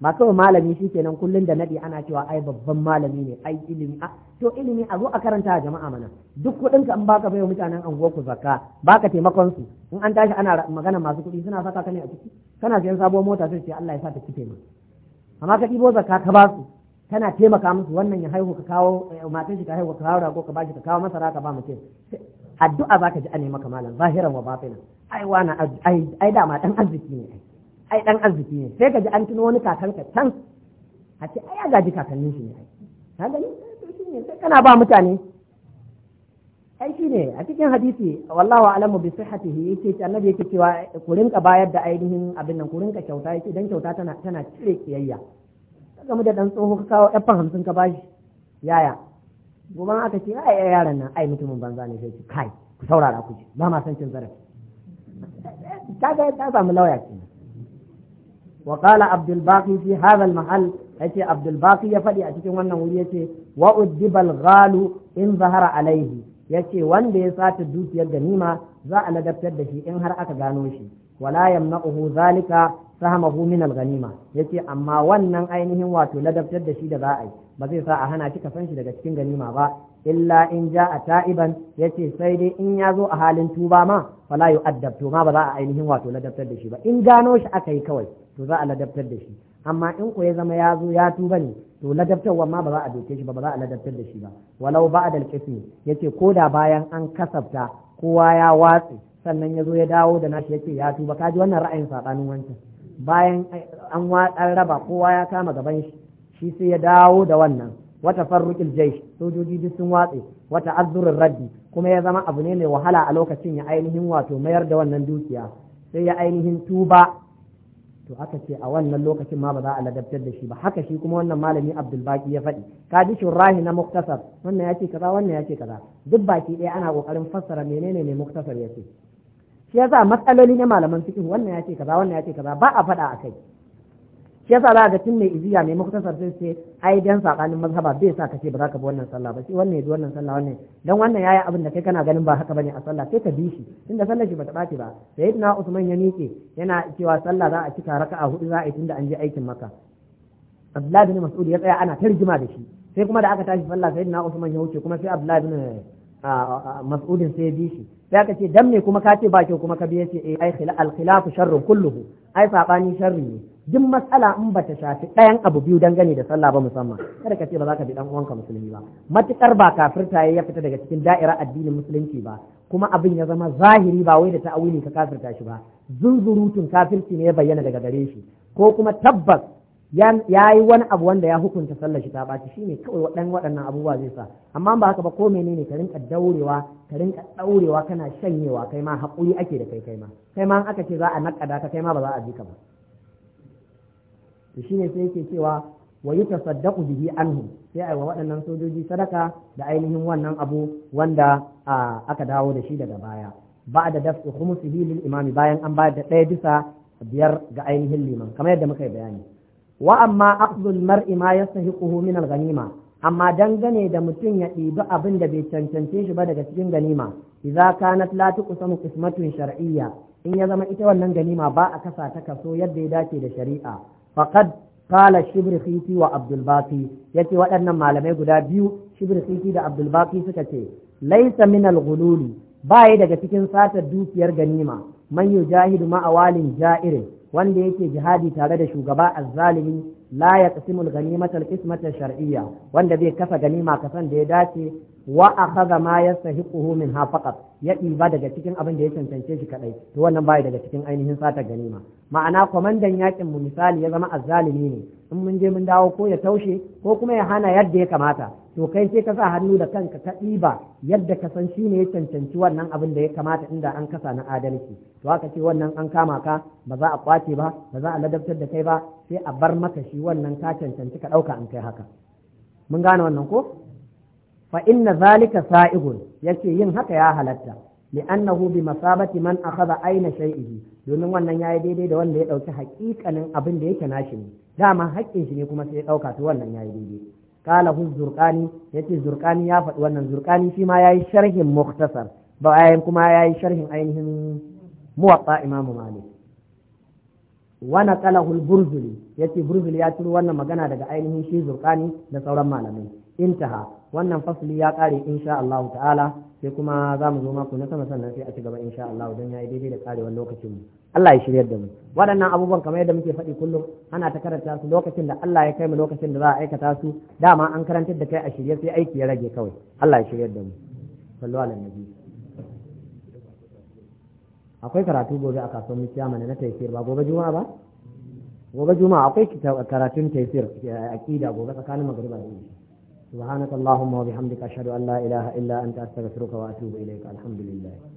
ba kawai malami shi kenan kullum da nadi ana cewa ai babban malami ne ai ilimi a to ilimi a zo a karanta jama'a mana duk kuɗin ka in baka bai mutanen anguwar ku zakka baka taimakon su in an tashi ana magana masu kuɗi suna saka ka ne a ciki kana siyan sabuwar mota sai ce Allah ya sa ta kike taimaka. amma ka ɗibo zakka ka ba su kana taimaka musu wannan ya haihu ka kawo eh, matan shi ka haihu ka kawo rago ka bashi ka kawo masara ka ba addu'a za ka ji a nema ka malam zahiran wa batinan ai wani ai dama dan arziki ne ai dan arziki ne sai ka ji an tuno wani kakanka can a ce ai ya gaji kakannin shi ne ka gani shi ne sai kana ba mutane ai shi ne a cikin hadisi wallahu alamu bi sihhatihi yake annabi yake cewa ku rinka bayar da ainihin abin nan ku rinka kyauta yake dan kyauta tana tana cire kiyayya kaga mu da dan tsoho ka kawo yafan hamsin ka bashi yaya gobe aka ce ai yaran nan ai mutumin banza ne sai kai ku saurara ku ba ma san cin zarafi kaga ta samu lauya ce wa qala abdul baqi fi hadha mahal yace abdul baqi ya fadi a cikin wannan wuri yace wa udibal in zahara alaihi yace wanda ya sata dukiyar ganima za a ladabtar da shi in har aka gano shi wala yamna'uhu zalika rahamahu min al-ghanima yace amma wannan ainihin wato ladabtar da shi da za a yi ba zai sa a hana shi san shi daga cikin ganima ba illa in ja a ta'iban yace sai dai in ya zo a halin tuba ma fala yu'addab to ma ba za a ainihin wato ladabtar da shi ba in gano shi aka yi kawai to za a ladabtar da shi amma in ko ya zama ya zo ya tuba ne to ladabtarwa ma ba za a doke shi ba ba za a ladabtar da shi ba walau ba'dal qismi yace ko da bayan an kasafta kowa ya watsi sannan ya zo ya dawo da nashi yace ya tuba kaji wannan ra'ayin sabanin wancan bayan an raba kowa ya kama gaban shi shi sai ya dawo da wannan wata farrukin jai sojoji duk sun watse wata azurin raddi kuma ya zama abu ne mai wahala a lokacin ya ainihin wato mayar da wannan dukiya sai ya ainihin tuba to aka ce a wannan lokacin ma ba za a ladabtar da shi ba haka shi kuma wannan malami abdulbaki ya faɗi ka ji shurrahi na muktasar wannan ya ce kaza wannan ya ce kaza duk baki ɗaya ana ƙoƙarin fassara menene ne muktasar ya ce shi yasa matsaloli na malaman fiqh wannan ya ce kaza wannan ya ce kaza ba a faɗa kai shi yasa za a ga tun mai iziya mai muktasar sai ce ai dan sakanin mazhaba bai sa kace ba za ka bi wannan sallah ba shi wannan ya bi wannan sallah wannan dan wannan yayi abin da kai kana ganin ba haka bane a sallah sai ka bi shi tunda sallar shi bata bace ba sayyidina Usman ya miƙe yana cewa sallah za a cika raka'a hudu za a yi tunda an je aikin maka Abdullahi bin Mas'ud ya tsaya ana tarjima da shi sai kuma da aka tashi sallah sayyidina Usman ya wuce kuma sai Abdullahi bin mas'udin sai ya bi shi sai ce dan me kuma ka ce ba kyau kuma ka bi yace eh ai al khilafu sharrun kulluhu ai sabani sharri ne duk matsala in bata shafi ɗayan abu biyu dangane da sallah ba musamman kada ka ce ba za ka bi dan uwanka musulmi ba matukar ba kafirta ya fita daga cikin da'ira addinin musulunci ba kuma abin ya zama zahiri ba wai da ta'awili ka kafirta shi ba zunzurutun kafirci ne ya bayyana daga gare shi ko kuma tabbas ya yi wani abu wanda ya hukunta sallar shi ta shi shine kawai waɗannan waɗannan abubuwa zai sa amma ba haka ba ko menene ka rinka daurewa ka rinka daurewa kana shanyewa kai ma haƙuri ake da kai kai ma kai ma aka ce za a naƙada ka kai ma ba za a ji ka ba to shine sai yake cewa wa yutasaddaqu bihi anhu sai a ai wa waɗannan sojoji sadaka da ainihin wannan abu wanda aka dawo da shi daga baya ba'da daf'i khumsihi lil imami bayan an bayar da ɗaya bisa biyar ga ainihin liman kamar yadda muka yi bayani wa amma aqdul mar'i ma yastahiquhu min al-ghanima amma dangane da mutum ya ɗibi abin da bai cancance shi ba daga cikin ganima idza kanat la tuqsamu qismatun shar'iyya in ya zama ita wannan ganima ba a kasa ta kaso yadda ya dace da shari'a faqad qala shibrkhiti wa abdul baqi yace waɗannan malamai guda biyu shibrkhiti da abdul baqi suka ce laysa min al-ghululi ba daga cikin satar dukiyar ganima man yujahidu ma'awalin ja'irin wanda yake jihadi tare da shugaba azzalimi la yaqsimu al-ghanimata al-qismata shar'iyya wanda zai kasa ganima kasan da ya dace wa akhadha ma yastahiquhu min ha faqat ya diba daga cikin abin da ya cancance shi kadai to wannan bai daga cikin ainihin sata ganima ma'ana kwamandan yakin mu misali ya zama azzalimi ne in mun je mun dawo ko ya taushe ko kuma ya hana yadda ya kamata to kai sai ka sa hannu da kanka ka ɗiba yadda ka san shi ne ya cancanci wannan abin da ya kamata inda an kasa na adalci to haka ce wannan an kama ka ba za a kwace ba ba za a ladabtar da kai ba sai a bar maka shi wannan ka cancanci ka ɗauka an kai haka mun gane wannan ko fa inna zalika sa'igun yace yin haka ya halatta annahu bi masabati man akhadha aina shay'ihi domin wannan yayi daidai da wanda ya dauki haƙiƙanin abin da yake nashi ne dama haƙƙin shi ne kuma sai ya dauka to wannan yayi daidai kala hu zurqani yace zurqani ya faɗi wannan zurqani shi ma yayi sharhin mukhtasar bayan kuma yayi sharhin ainihin muwatta imam malik wa naqalahu al-burzuli yace burzuli ya turo wannan magana daga ainihin shi zurqani da sauran malamai intaha wannan fasli ya kare insha Allah ta'ala sai kuma zamu mu zo mako na sama sannan sai a ci gaba insha Allah don yayi daidai da karewar lokacin mu Allah ya shirya da mu waɗannan abubuwan kamar yadda muke faɗi kullum ana ta karanta su lokacin da Allah ya kai mu lokacin da za a aikata su dama an karantar da kai a shirye sai aiki ya rage kawai Allah ya shirya da mu sallu ala nabi akwai karatu gobe a kasuwar mutiya mana na taifir ba gobe juma'a ba gobe juma'a akwai karatun taifir eh, aqida gobe tsakanin magriba da isha subhanakallahumma wa bihamdika ashhadu an la ilaha illa anta astaghfiruka wa atubu ilaika alhamdulillah